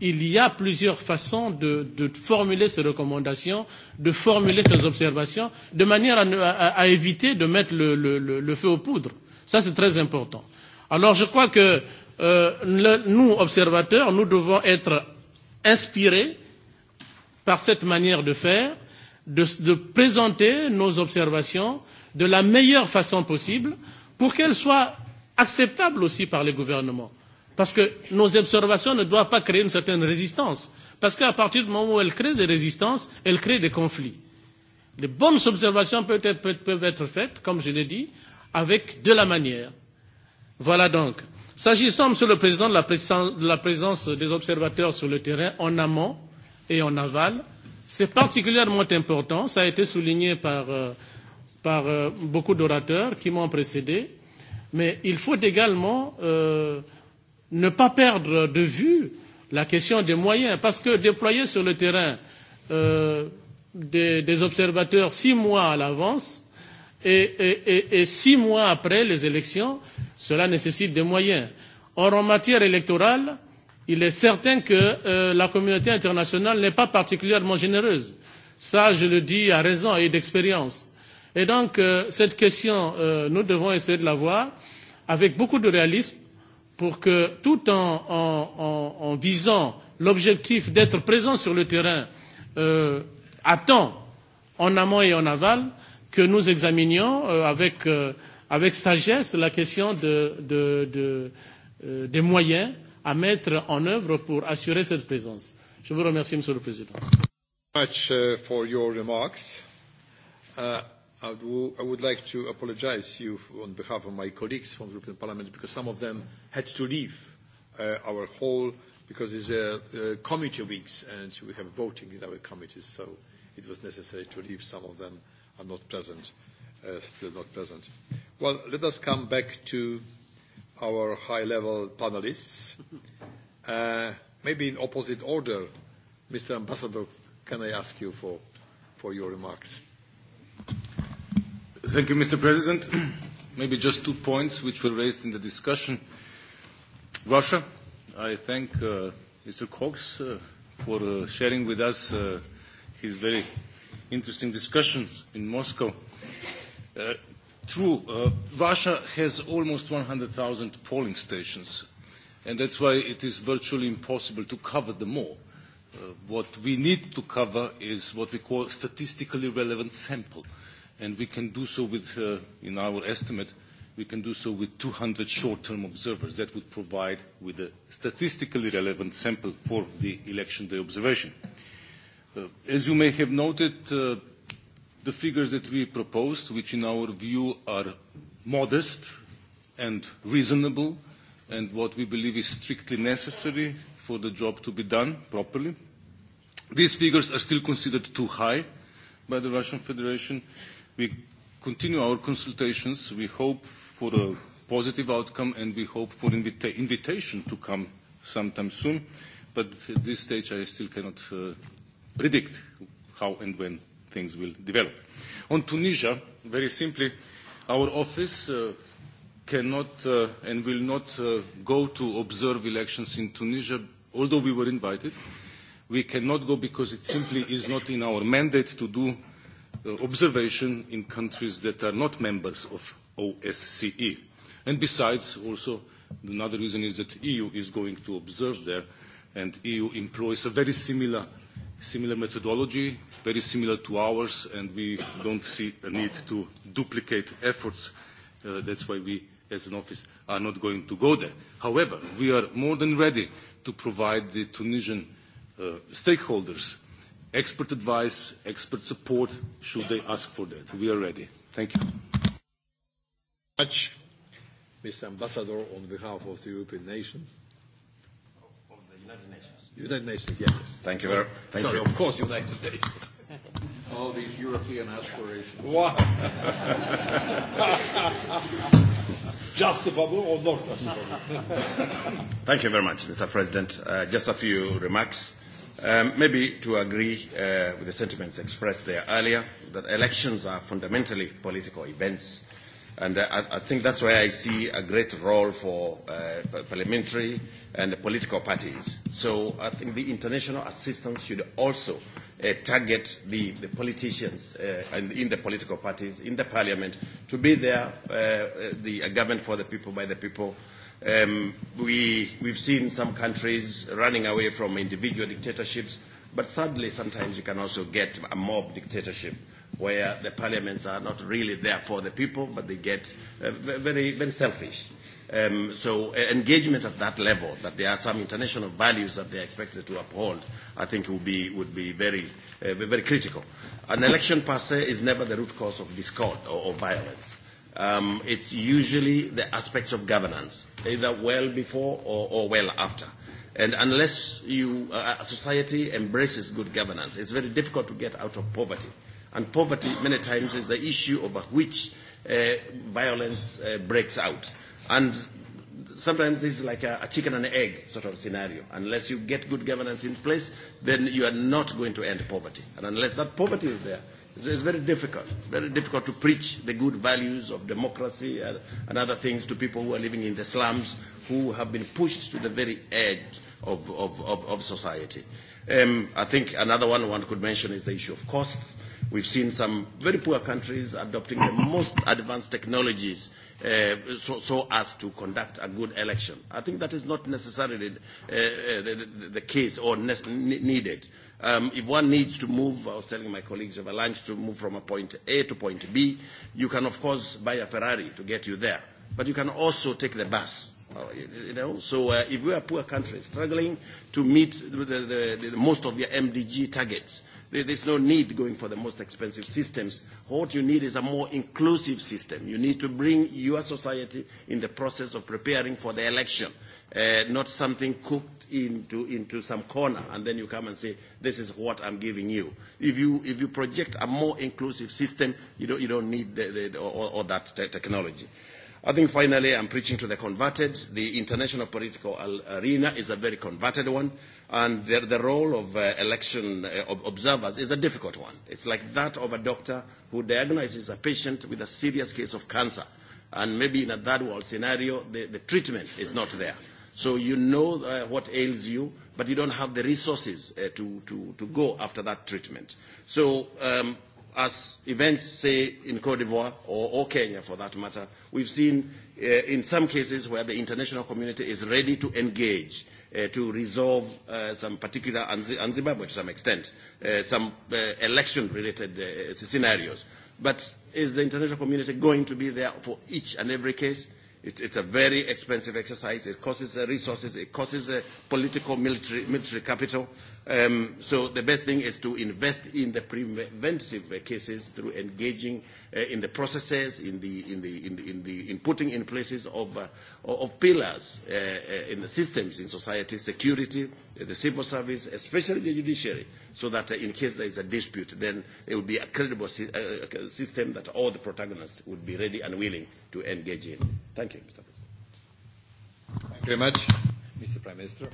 il y a plusieurs façons de, de formuler ces recommandations, de formuler ces observations, de manière à, à, à éviter de mettre le, le, le feu aux poudres. Ça, c'est très important. Alors, je crois que nous, observateurs, nous devons être inspirés par cette manière de faire, de présenter nos observations de la meilleure façon possible pour qu'elles soient acceptables aussi par les gouvernements. Parce que nos observations ne doivent pas créer une certaine résistance. Parce qu'à partir du moment où elles créent des résistances, elles créent des conflits. Les bonnes observations peuvent être faites, comme je l'ai dit, avec de la manière. Voilà donc. S'agissant, Monsieur le Président, de la présence des observateurs sur le terrain en amont et en aval, c'est particulièrement important. Ça a été souligné par par beaucoup d'orateurs qui m'ont précédé. Mais il faut également ne pas perdre de vue la question des moyens, parce que déployer sur le terrain des observateurs six mois à l'avance, et six mois après les élections, cela nécessite des moyens. Or, en matière électorale, il est certain que la communauté internationale n'est pas particulièrement généreuse. Ça, je le dis à raison et d'expérience. Et donc, cette question, nous devons essayer de la voir avec beaucoup de réalisme pour que, tout en visant l'objectif d'être présent sur le terrain à temps, en amont et en aval, que nous examinions avec avec sagesse la question de de de des moyens à mettre en œuvre pour assurer cette présence. Je vous remercie, Monsieur le Président. Much for your remarks. I would like to apologize you on behalf of my colleagues from the European Parliament because some of them had to leave our hall because it's a committee weeks and we have voting in our committees, so it was necessary to leave some of them are not present, still not present. Well, let us come back to our high-level panelists. Maybe in opposite order, Mr. Ambassador, can I ask you for for your remarks? Thank you, Mr. President. Maybe just two points which were raised in the discussion. Russia, I thank Mr. Cox for sharing with us his very interesting discussion in Moscow. True, Russia has almost 100,000 polling stations, and that's why it is virtually impossible to cover them all. What we need to cover is what we call statistically relevant sample, and we can do so with, in our estimate, we can do so with 200 short-term observers. That would provide with a statistically relevant sample for the election day observation. As you may have noted, the figures that we proposed, which in our view are modest and reasonable, and what we believe is strictly necessary for the job to be done properly. These figures are still considered too high by the Russian Federation. We continue our consultations. We hope for a positive outcome, and we hope for invitation to come sometime soon. But at this stage, I still cannot predict how and when things will develop. On Tunisia, very simply, our office cannot and will not go to observe elections in Tunisia, although we were invited. We cannot go because it simply is not in our mandate to do observation in countries that are not members of OSCE. And besides, also, another reason is that EU is going to observe there, and EU employs a very similar similar methodology, very similar to ours, and we don't see a need to duplicate efforts. That's why we, as an office, are not going to go there. However, we are more than ready to provide the Tunisian stakeholders expert advice, expert support, should they ask for that. We are ready. Thank you. Much, Mr. Ambassador, on behalf of the European nations. Of the United Nations. United Nations, yes. Thank you very much. Sorry, of course, United Nations. All these European aspirations. What? Just a bubble or not just a bubble? Thank you very much, Mr. President. Just a few remarks. Maybe to agree with the sentiments expressed there earlier, that elections are fundamentally political events And I think that's why I see a great role for parliamentary and political parties. So I think the international assistance should also target the politicians and in the political parties, in the parliament, to be there, the government for the people, by the people. We We've seen some countries running away from individual dictatorships, but sadly sometimes you can also get a mob dictatorship where the parliaments are not really there for the people, but they get very, very selfish. So engagement at that level, that there are some international values that they are expected to uphold, I think would be would be very, very critical. An election per se is never the root cause of discord or violence. It's usually the aspects of governance, either well before or well after. And unless you society embraces good governance, it's very difficult to get out of poverty and poverty many times is the issue over which violence breaks out. And sometimes this is like a chicken and egg sort of scenario. Unless you get good governance in place, then you are not going to end poverty. And unless that poverty is there, it's very difficult. It's very difficult to preach the good values of democracy and other things to people who are living in the slums, who have been pushed to the very edge of of of society. I think another one one could mention is the issue of costs We've seen some very poor countries adopting the most advanced technologies so as to conduct a good election. I think that is not necessarily the case or needed. If one needs to move, I was telling my colleagues over lunch, to move from a point A to point B, you can of course buy a Ferrari to get you there, but you can also take the bus. So if we are poor countries struggling to meet the most of your MDG targets, There is no need going for the most expensive systems. What you need is a more inclusive system. You need to bring your society in the process of preparing for the election, not something cooked into into some corner and then you come and say this is what I'm giving you. If you if you project a more inclusive system, you don't you don't need the that technology. I think finally I'm preaching to the converted. The international political arena is a very converted one and the role of election observers is a difficult one. It's like that of a doctor who diagnoses a patient with a serious case of cancer, and maybe in a third world scenario, the treatment is not there. So you know what ails you, but you don't have the resources to go after that treatment. So as events, say, in Cote d'Ivoire or Kenya, for that matter, we've seen in some cases where the international community is ready to engage to resolve some particular, and Zimbabwe to some extent, some election-related scenarios. But is the international community going to be there for each and every case? It's a very expensive exercise. It costs resources. It costs political, military military capital. So the best thing is to invest in the preventive cases through engaging in the processes, in the in the in the in putting in places of of pillars in the systems in society, security, the civil service, especially the judiciary, so that in case there is a dispute, then it will be a credible system that all the protagonists would be ready and willing to engage in. Thank you, Mr. President. Thank you very much, Mr. Prime Minister.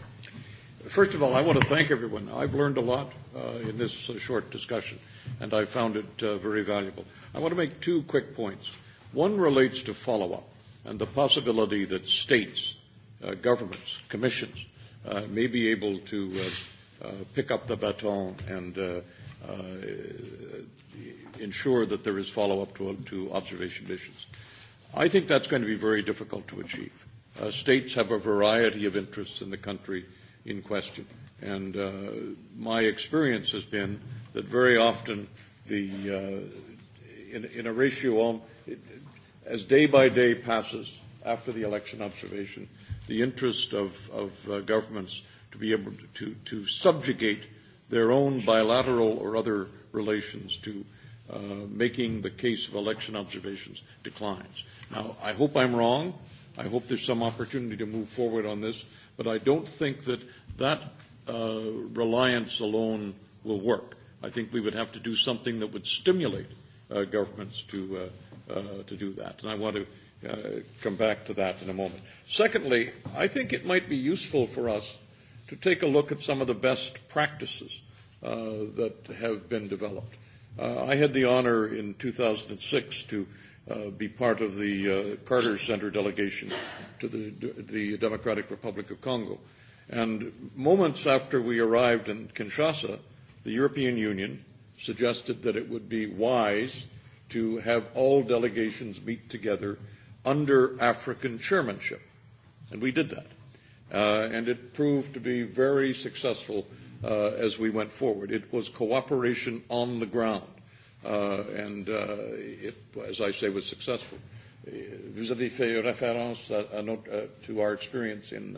First of all, I want to thank everyone. I've learned a lot in this short discussion, and I found it very valuable. I want to make two quick points. One relates to follow-up and the possibility that states, governments, commissions may be able to pick up the baton and ensure that there is follow-up to observation missions. I think that's going to be very difficult to achieve. States have a variety of interests in the country in question. And my experience has been that very often the in a ratio as day by day passes after the election observation, the interest of of governments to be able to to subjugate their own bilateral or other relations to making the case of election observations declines. Now, I hope I'm wrong. I hope there's some opportunity to move forward on this, but I don't think that that reliance alone will work. I think we would have to do something that would stimulate governments to to do that. And I want to come back to that in a moment. Secondly, I think it might be useful for us to take a look at some of the best practices that have been developed. I had the honor in 2006 to be part of the Carter Center delegation to the Democratic Republic of Congo. And moments after we arrived in Kinshasa, the European Union suggested that it would be wise to have all delegations meet together under African chairmanship. And we did that. And it proved to be very successful as we went forward. It was cooperation on the ground. And it, as I say, was successful. Vous avez fait référence to our experience in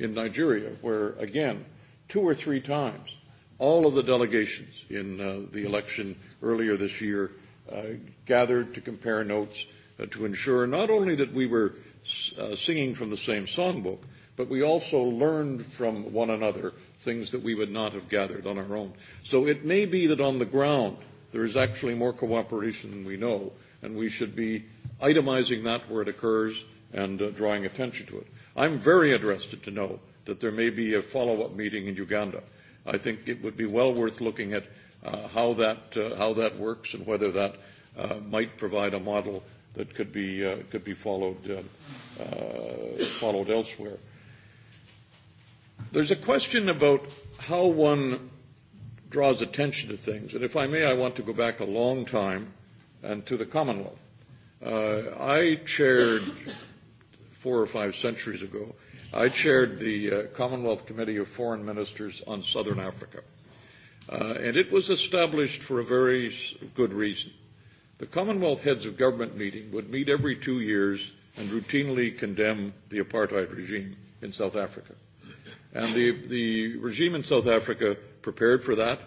in Nigeria, where, again, two or three times, all of the delegations in the election earlier this year gathered to compare notes to ensure not only that we were singing from the same songbook, but we also learned from one another things that we would not have gathered on our own. So it may be that on the ground there is actually more cooperation than we know, and we should be itemizing that where it occurs and drawing attention to it. I'm very interested to know that there may be a follow-up meeting in Uganda. I think it would be well worth looking at how that how that works and whether that might provide a model that could be could be followed followed elsewhere. There's a question about how one draws attention to things, and if I may, I want to go back a long time and to the Commonwealth. I chaired four or five centuries ago, I chaired the Commonwealth Committee of Foreign Ministers on Southern Africa. And it was established for a very good reason. The Commonwealth Heads of Government meeting would meet every two years and routinely condemn the apartheid regime in South Africa. And the, the regime in South Africa prepared for that.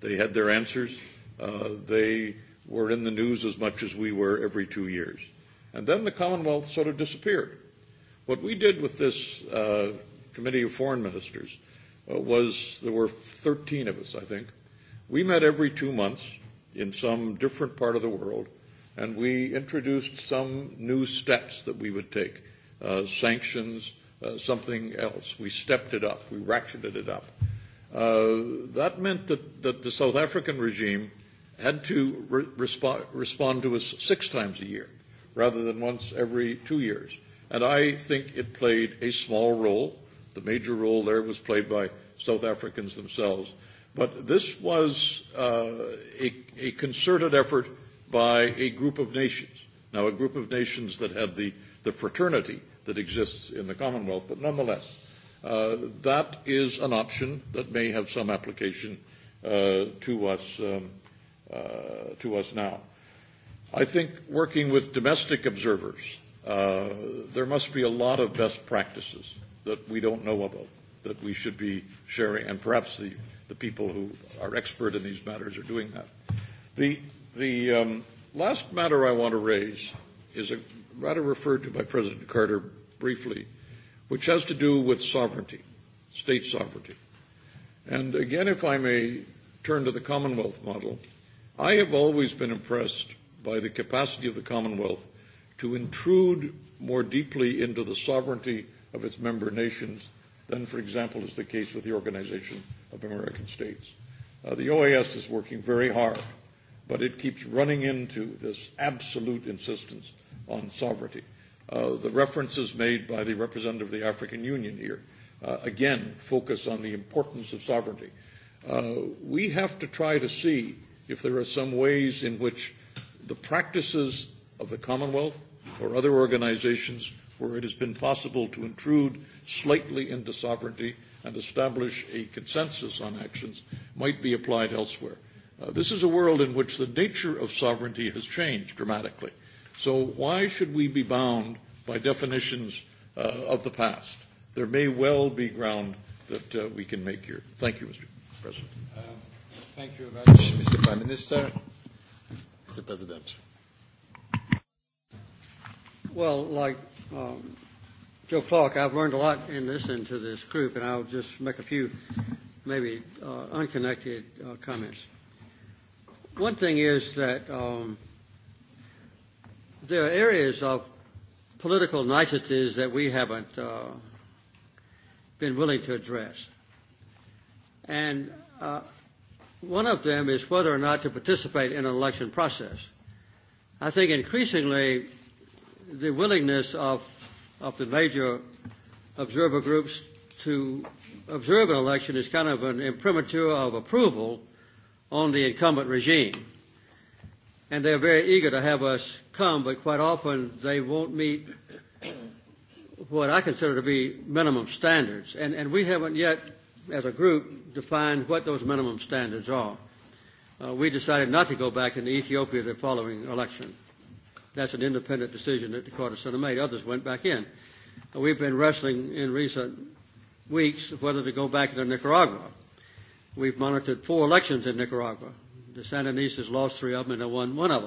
They had their answers. they were in the news as much as we were every two years. And then the Commonwealth sort of disappeared. What we did with this Committee of Foreign Ministers was there were 13 of us, I think. We met every two months in some different part of the world, and we introduced some new steps that we would take, sanctions, something else. We stepped it up. We ratcheted it up. That meant that the South African regime had to respond to us six times a year rather than once every two years. And I think it played a small role. The major role there was played by South Africans themselves. But this was a concerted effort by a group of nations. Now, a group of nations that had the fraternity that exists in the Commonwealth, but nonetheless, that is an option that may have some application to us to us now. I think working with domestic observers there must be a lot of best practices that we don't know about that we should be sharing, and perhaps the, the people who are expert in these matters are doing that. The, the um, last matter I want to raise is a, rather referred to by President Carter briefly, which has to do with sovereignty, state sovereignty. And again, if I may turn to the Commonwealth model, I have always been impressed by the capacity of the Commonwealth to intrude more deeply into the sovereignty of its member nations than, for example, is the case with the Organization of American States. The OAS is working very hard, but it keeps running into this absolute insistence on sovereignty. The references made by the representative of the African Union here, again, focus on the importance of sovereignty. We have to try to see if there are some ways in which the practices of the Commonwealth or other organizations where it has been possible to intrude slightly into sovereignty and establish a consensus on actions might be applied elsewhere. This is a world in which the nature of sovereignty has changed dramatically. So why should we be bound by definitions of the past? There may well be ground that we can make here. Thank you, Mr. President. Thank you very much, Mr. Prime Minister. Mr. President. Well, like Joe Clark, I've learned a lot in listening to this group, and I'll just make a few maybe unconnected comments. One thing is that there are areas of political niceties that we haven't been willing to address. And one of them is whether or not to participate in an election process. I think increasingly the willingness of of the major observer groups to observe an election is kind of an imprimatur of approval on the incumbent regime. And they're very eager to have us come, but quite often they won't meet what I consider to be minimum standards. And, and we haven't yet, as a group, defined what those minimum standards are. we decided not to go back into Ethiopia the following election. That's an independent decision that the Carter Center made. Others went back in. We've been wrestling in recent weeks whether to go back to Nicaragua. We've monitored four elections in Nicaragua. The Sandinistas lost three of them and they won one of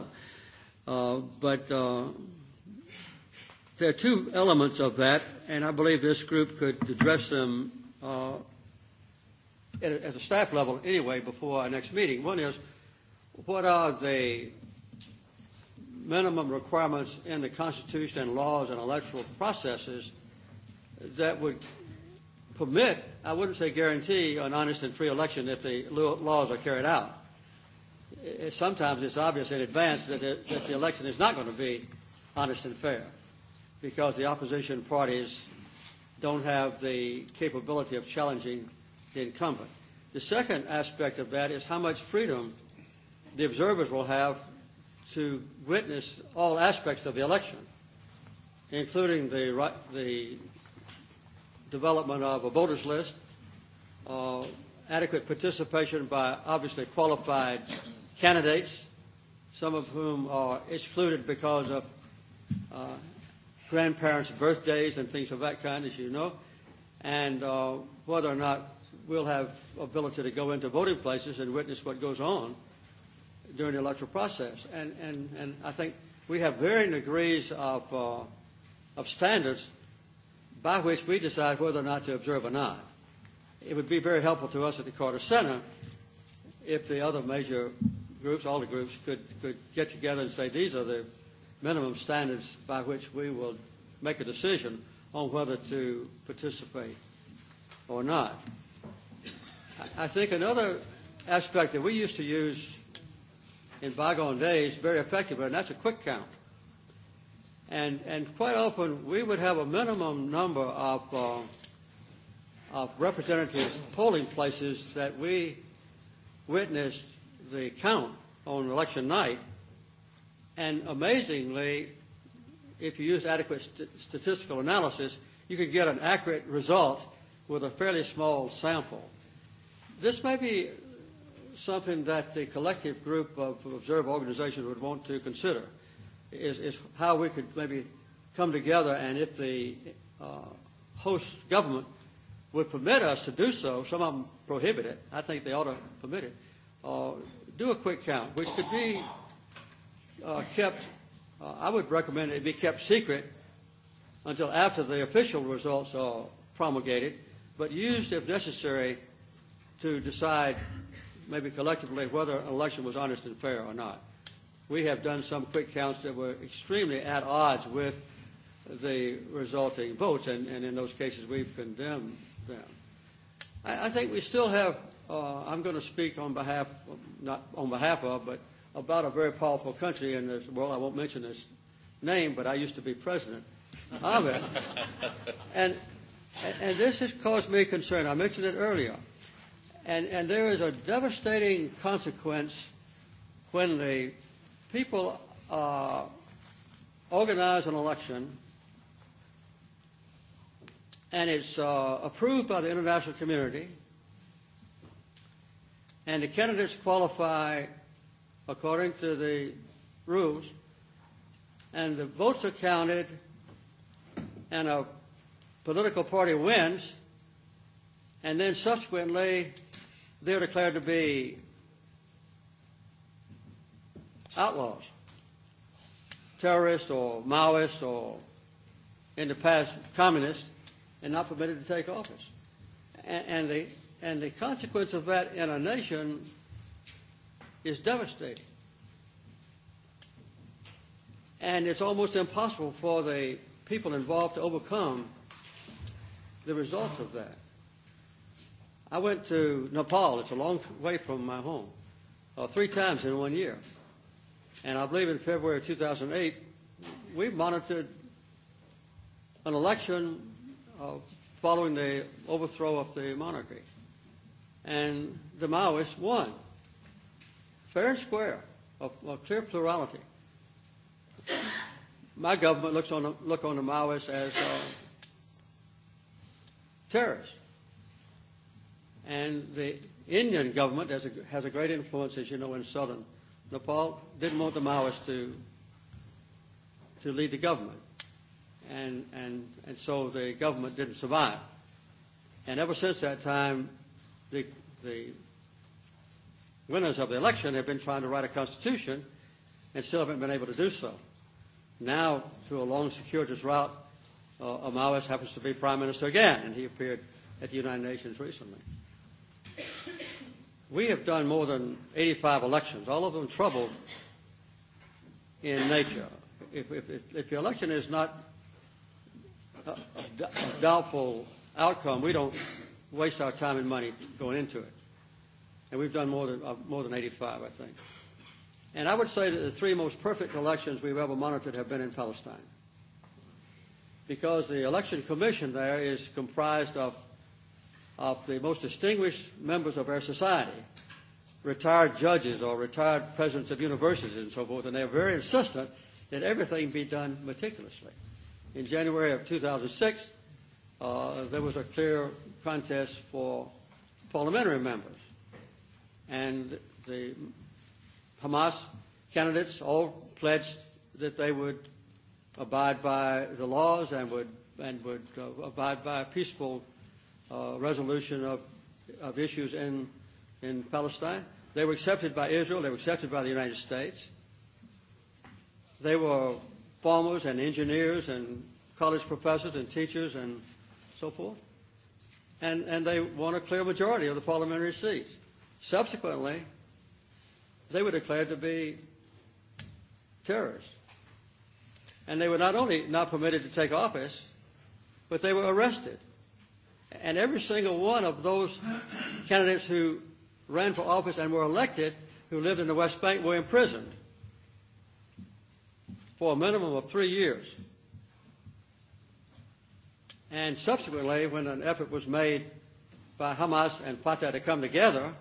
them. but there are two elements of that, and I believe this group could address them at, at the staff level anyway before our next meeting. One is, what are the minimum requirements in the Constitution and laws and electoral processes that would permit, I wouldn't say guarantee, an honest and free election if the laws are carried out. Sometimes it's obvious in advance that the election is not going to be honest and fair because the opposition parties don't have the capability of challenging the incumbent. The second aspect of that is how much freedom the observers will have to witness all aspects of the election, including the, the development of a voters list, uh, adequate participation by obviously qualified candidates, some of whom are excluded because of uh, grandparents' birthdays and things of that kind, as you know, and uh, whether or not we'll have ability to go into voting places and witness what goes on during the electoral process. And, and, and I think we have varying degrees of, of standards by which we decide whether or not to observe or not. It would be very helpful to us at the Carter Center if the other major groups, all the groups, could, could get together and say these are the minimum standards by which we will make a decision on whether to participate or not. I think another aspect that we used to use in bygone days very effective, and that's a quick count. And, and quite often we would have a minimum number of, of representative polling places that we witnessed the count on election night. And amazingly, if you use adequate statistical analysis, you could get an accurate result with a fairly small sample. This may be something that the collective group of observer organizations would want to consider is, is how we could maybe come together and if the host government would permit us to do so, some of them prohibit it, I think they ought to permit it, uh, do a quick count, which could be uh, kept, I would recommend it be kept secret until after the official results are promulgated, but used if necessary to decide maybe collectively, whether an election was honest and fair or not. We have done some quick counts that were extremely at odds with the resulting votes, and, and in those cases we've condemned them. I, I think we still have, uh, I'm going to speak on behalf, not on behalf of, but about a very powerful country in this world. I won't mention its name, but I used to be president of it. And, and this has caused me concern. I mentioned it earlier. And, and there is a devastating consequence when the people uh, organize an election and it's uh, approved by the international community and the candidates qualify according to the rules and the votes are counted and a political party wins and then subsequently they are declared to be outlaws, terrorists or Maoists or in the past communists, and not permitted to take office. And the and the consequence of that in a nation is devastating. And it's almost impossible for the people involved to overcome the results of that. I went to Nepal. It's a long way from my home. Three times in one year. And I believe in February 2008, we monitored an election following the overthrow of the monarchy. And the Maoists won. Fair and square. A clear plurality. My government looks on the, look on the Maoists as terrorists. And the Indian government has a, has a great influence, as you know, in southern Nepal. Didn't want the Maoists to, to lead the government. And, and, and so the government didn't survive. And ever since that time, the, the winners of the election have been trying to write a constitution and still haven't been able to do so. Now, through a long, circuitous route, uh, Maoist happens to be prime minister again, and he appeared at the United Nations recently. We have done more than 85 elections, all of them troubled in nature. If, if, if your election is not a, doubtful outcome, we don't waste our time and money going into it. And we've done more than, more than 85, I think. And I would say that the three most perfect elections we've ever monitored have been in Palestine. Because the election commission there is comprised of of the most distinguished members of our society, retired judges or retired presidents of universities and so forth, and they are very insistent that everything be done meticulously. In January of 2006, uh, there was a clear contest for parliamentary members, and the Hamas candidates all pledged that they would abide by the laws and would and would abide by peaceful resolution of, of issues in, in Palestine. They were accepted by Israel. They were accepted by the United States. They were farmers and engineers and college professors and teachers and so forth. And, and they won a clear majority of the parliamentary seats. Subsequently, they were declared to be terrorists. And they were not only not permitted to take office, but they were arrested And every single one of those candidates who ran for office and were elected who lived in the West Bank were imprisoned for a minimum of three years. And subsequently, when an effort was made by Hamas and Fatah to come together,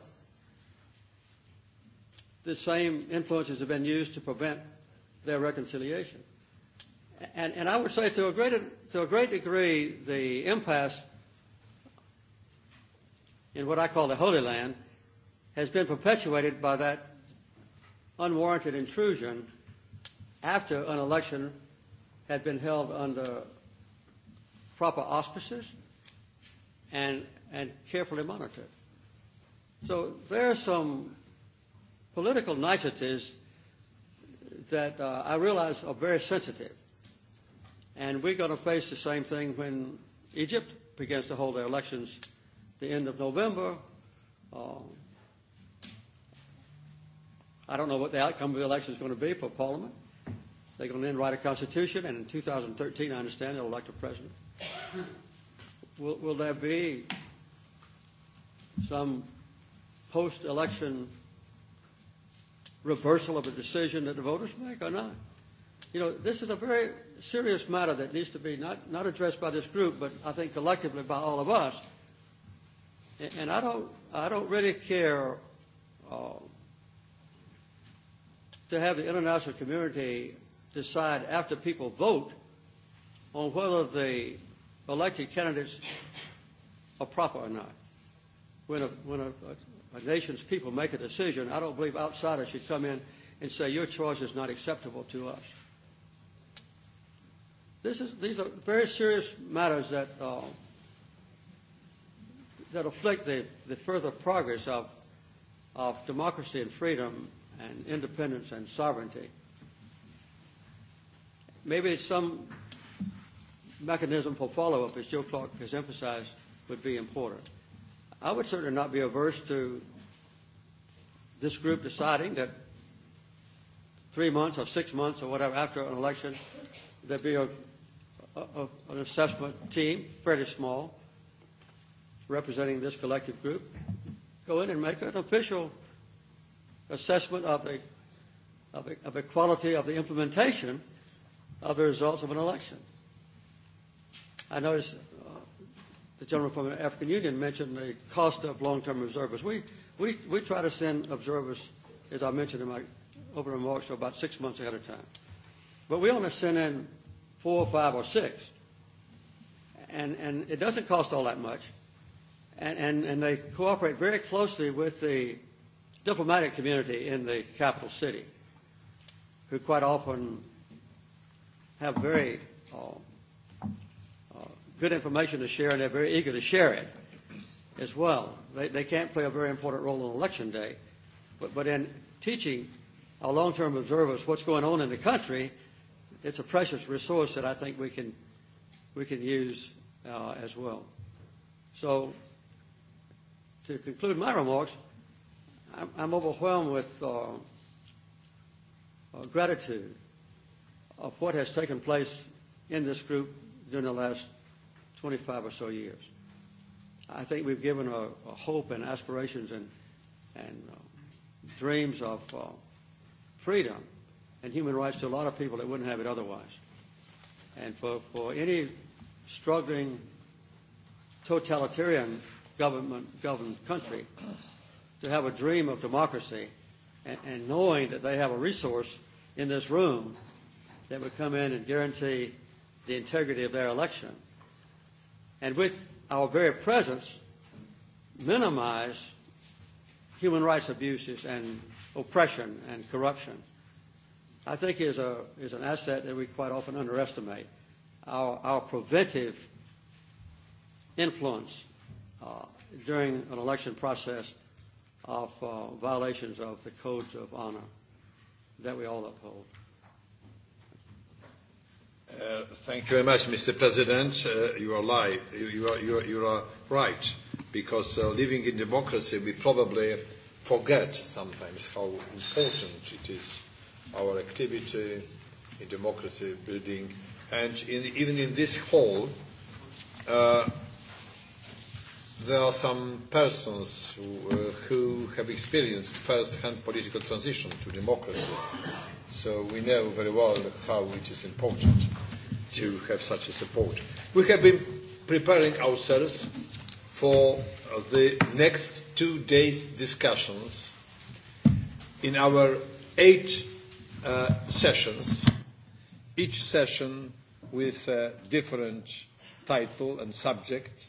the same influences have been used to prevent their reconciliation. And, and I would say to a, great, to a great degree, the impasse in what I call the Holy Land has been perpetuated by that unwarranted intrusion after an election had been held under proper auspices and and carefully monitored. So there are some political niceties that I realize are very sensitive. And we're going to face the same thing when Egypt begins to hold their elections the end of November. I don't know what the outcome of the election is going to be for Parliament. They're going to then write a constitution, and in 2013, I understand, they'll elect a president. Will, will there be some post-election reversal of a decision that the voters make or not? You know, this is a very serious matter that needs to be not, not addressed by this group, but I think collectively by all of us and I don't I don't really care to have the international community decide after people vote on whether the elected candidates are proper or not. When a when a nation's people make a decision, I don't believe outsiders should come in and say your choice is not acceptable to us. This is these are very serious matters that that afflict the, the further progress of, of democracy and freedom and independence and sovereignty. Maybe some mechanism for follow-up, as Joe Clark has emphasized, would be important. I would certainly not be averse to this group deciding that three months or six months or whatever after an election, there'd be an assessment team, fairly small, representing this collective group go in and make an official assessment of the, of the, quality of the implementation of the results of an election. I noticed the gentleman from the African Union mentioned the cost of long-term observers. We, we, we try to send observers, as I mentioned in my opening remarks, about six months ahead of time. But we only send in four, five, or six. And, and it doesn't cost all that much and, and they cooperate very closely with the diplomatic community in the capital city, who quite often have very good information to share and they're very eager to share it as well. They, they can't play a very important role on election day, but, but in teaching our long-term observers what's going on in the country, it's a precious resource that I think we can, we can use as well. So to conclude my remarks, I'm overwhelmed with gratitude of what has taken place in this group during the last 25 or so years. I think we've given a hope and aspirations and and dreams of freedom and human rights to a lot of people that wouldn't have it otherwise. And for for any struggling totalitarian government-governed country to have a dream of democracy and knowing that they have a resource in this room that would come in and guarantee the integrity of their election. And with our very presence, minimize human rights abuses and oppression and corruption. I think is a is an asset that we quite often underestimate. Our our preventive influence during an election process of violations of the codes of honor that we all uphold. Thank you very much, Mr. President. You are You are, you you are right, because living in democracy, we probably forget sometimes how important it is our activity in democracy building, and even in this hall there are some persons who have experienced first-hand political transition to democracy, so we know very well how it is important to have such a support. We have been preparing ourselves for the next two days' discussions in our eight sessions, each session with a different title and subject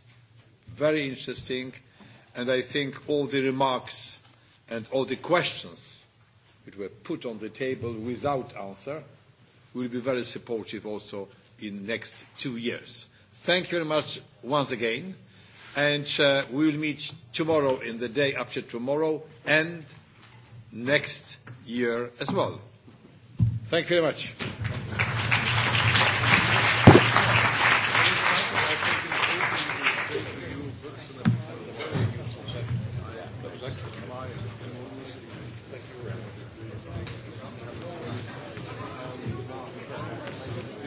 very interesting, and I think all the remarks and all the questions which were put on the table without answer will be very supportive also in the next two years. Thank you very much once again, and we will meet tomorrow in the day after tomorrow and next year as well. Thank you very much.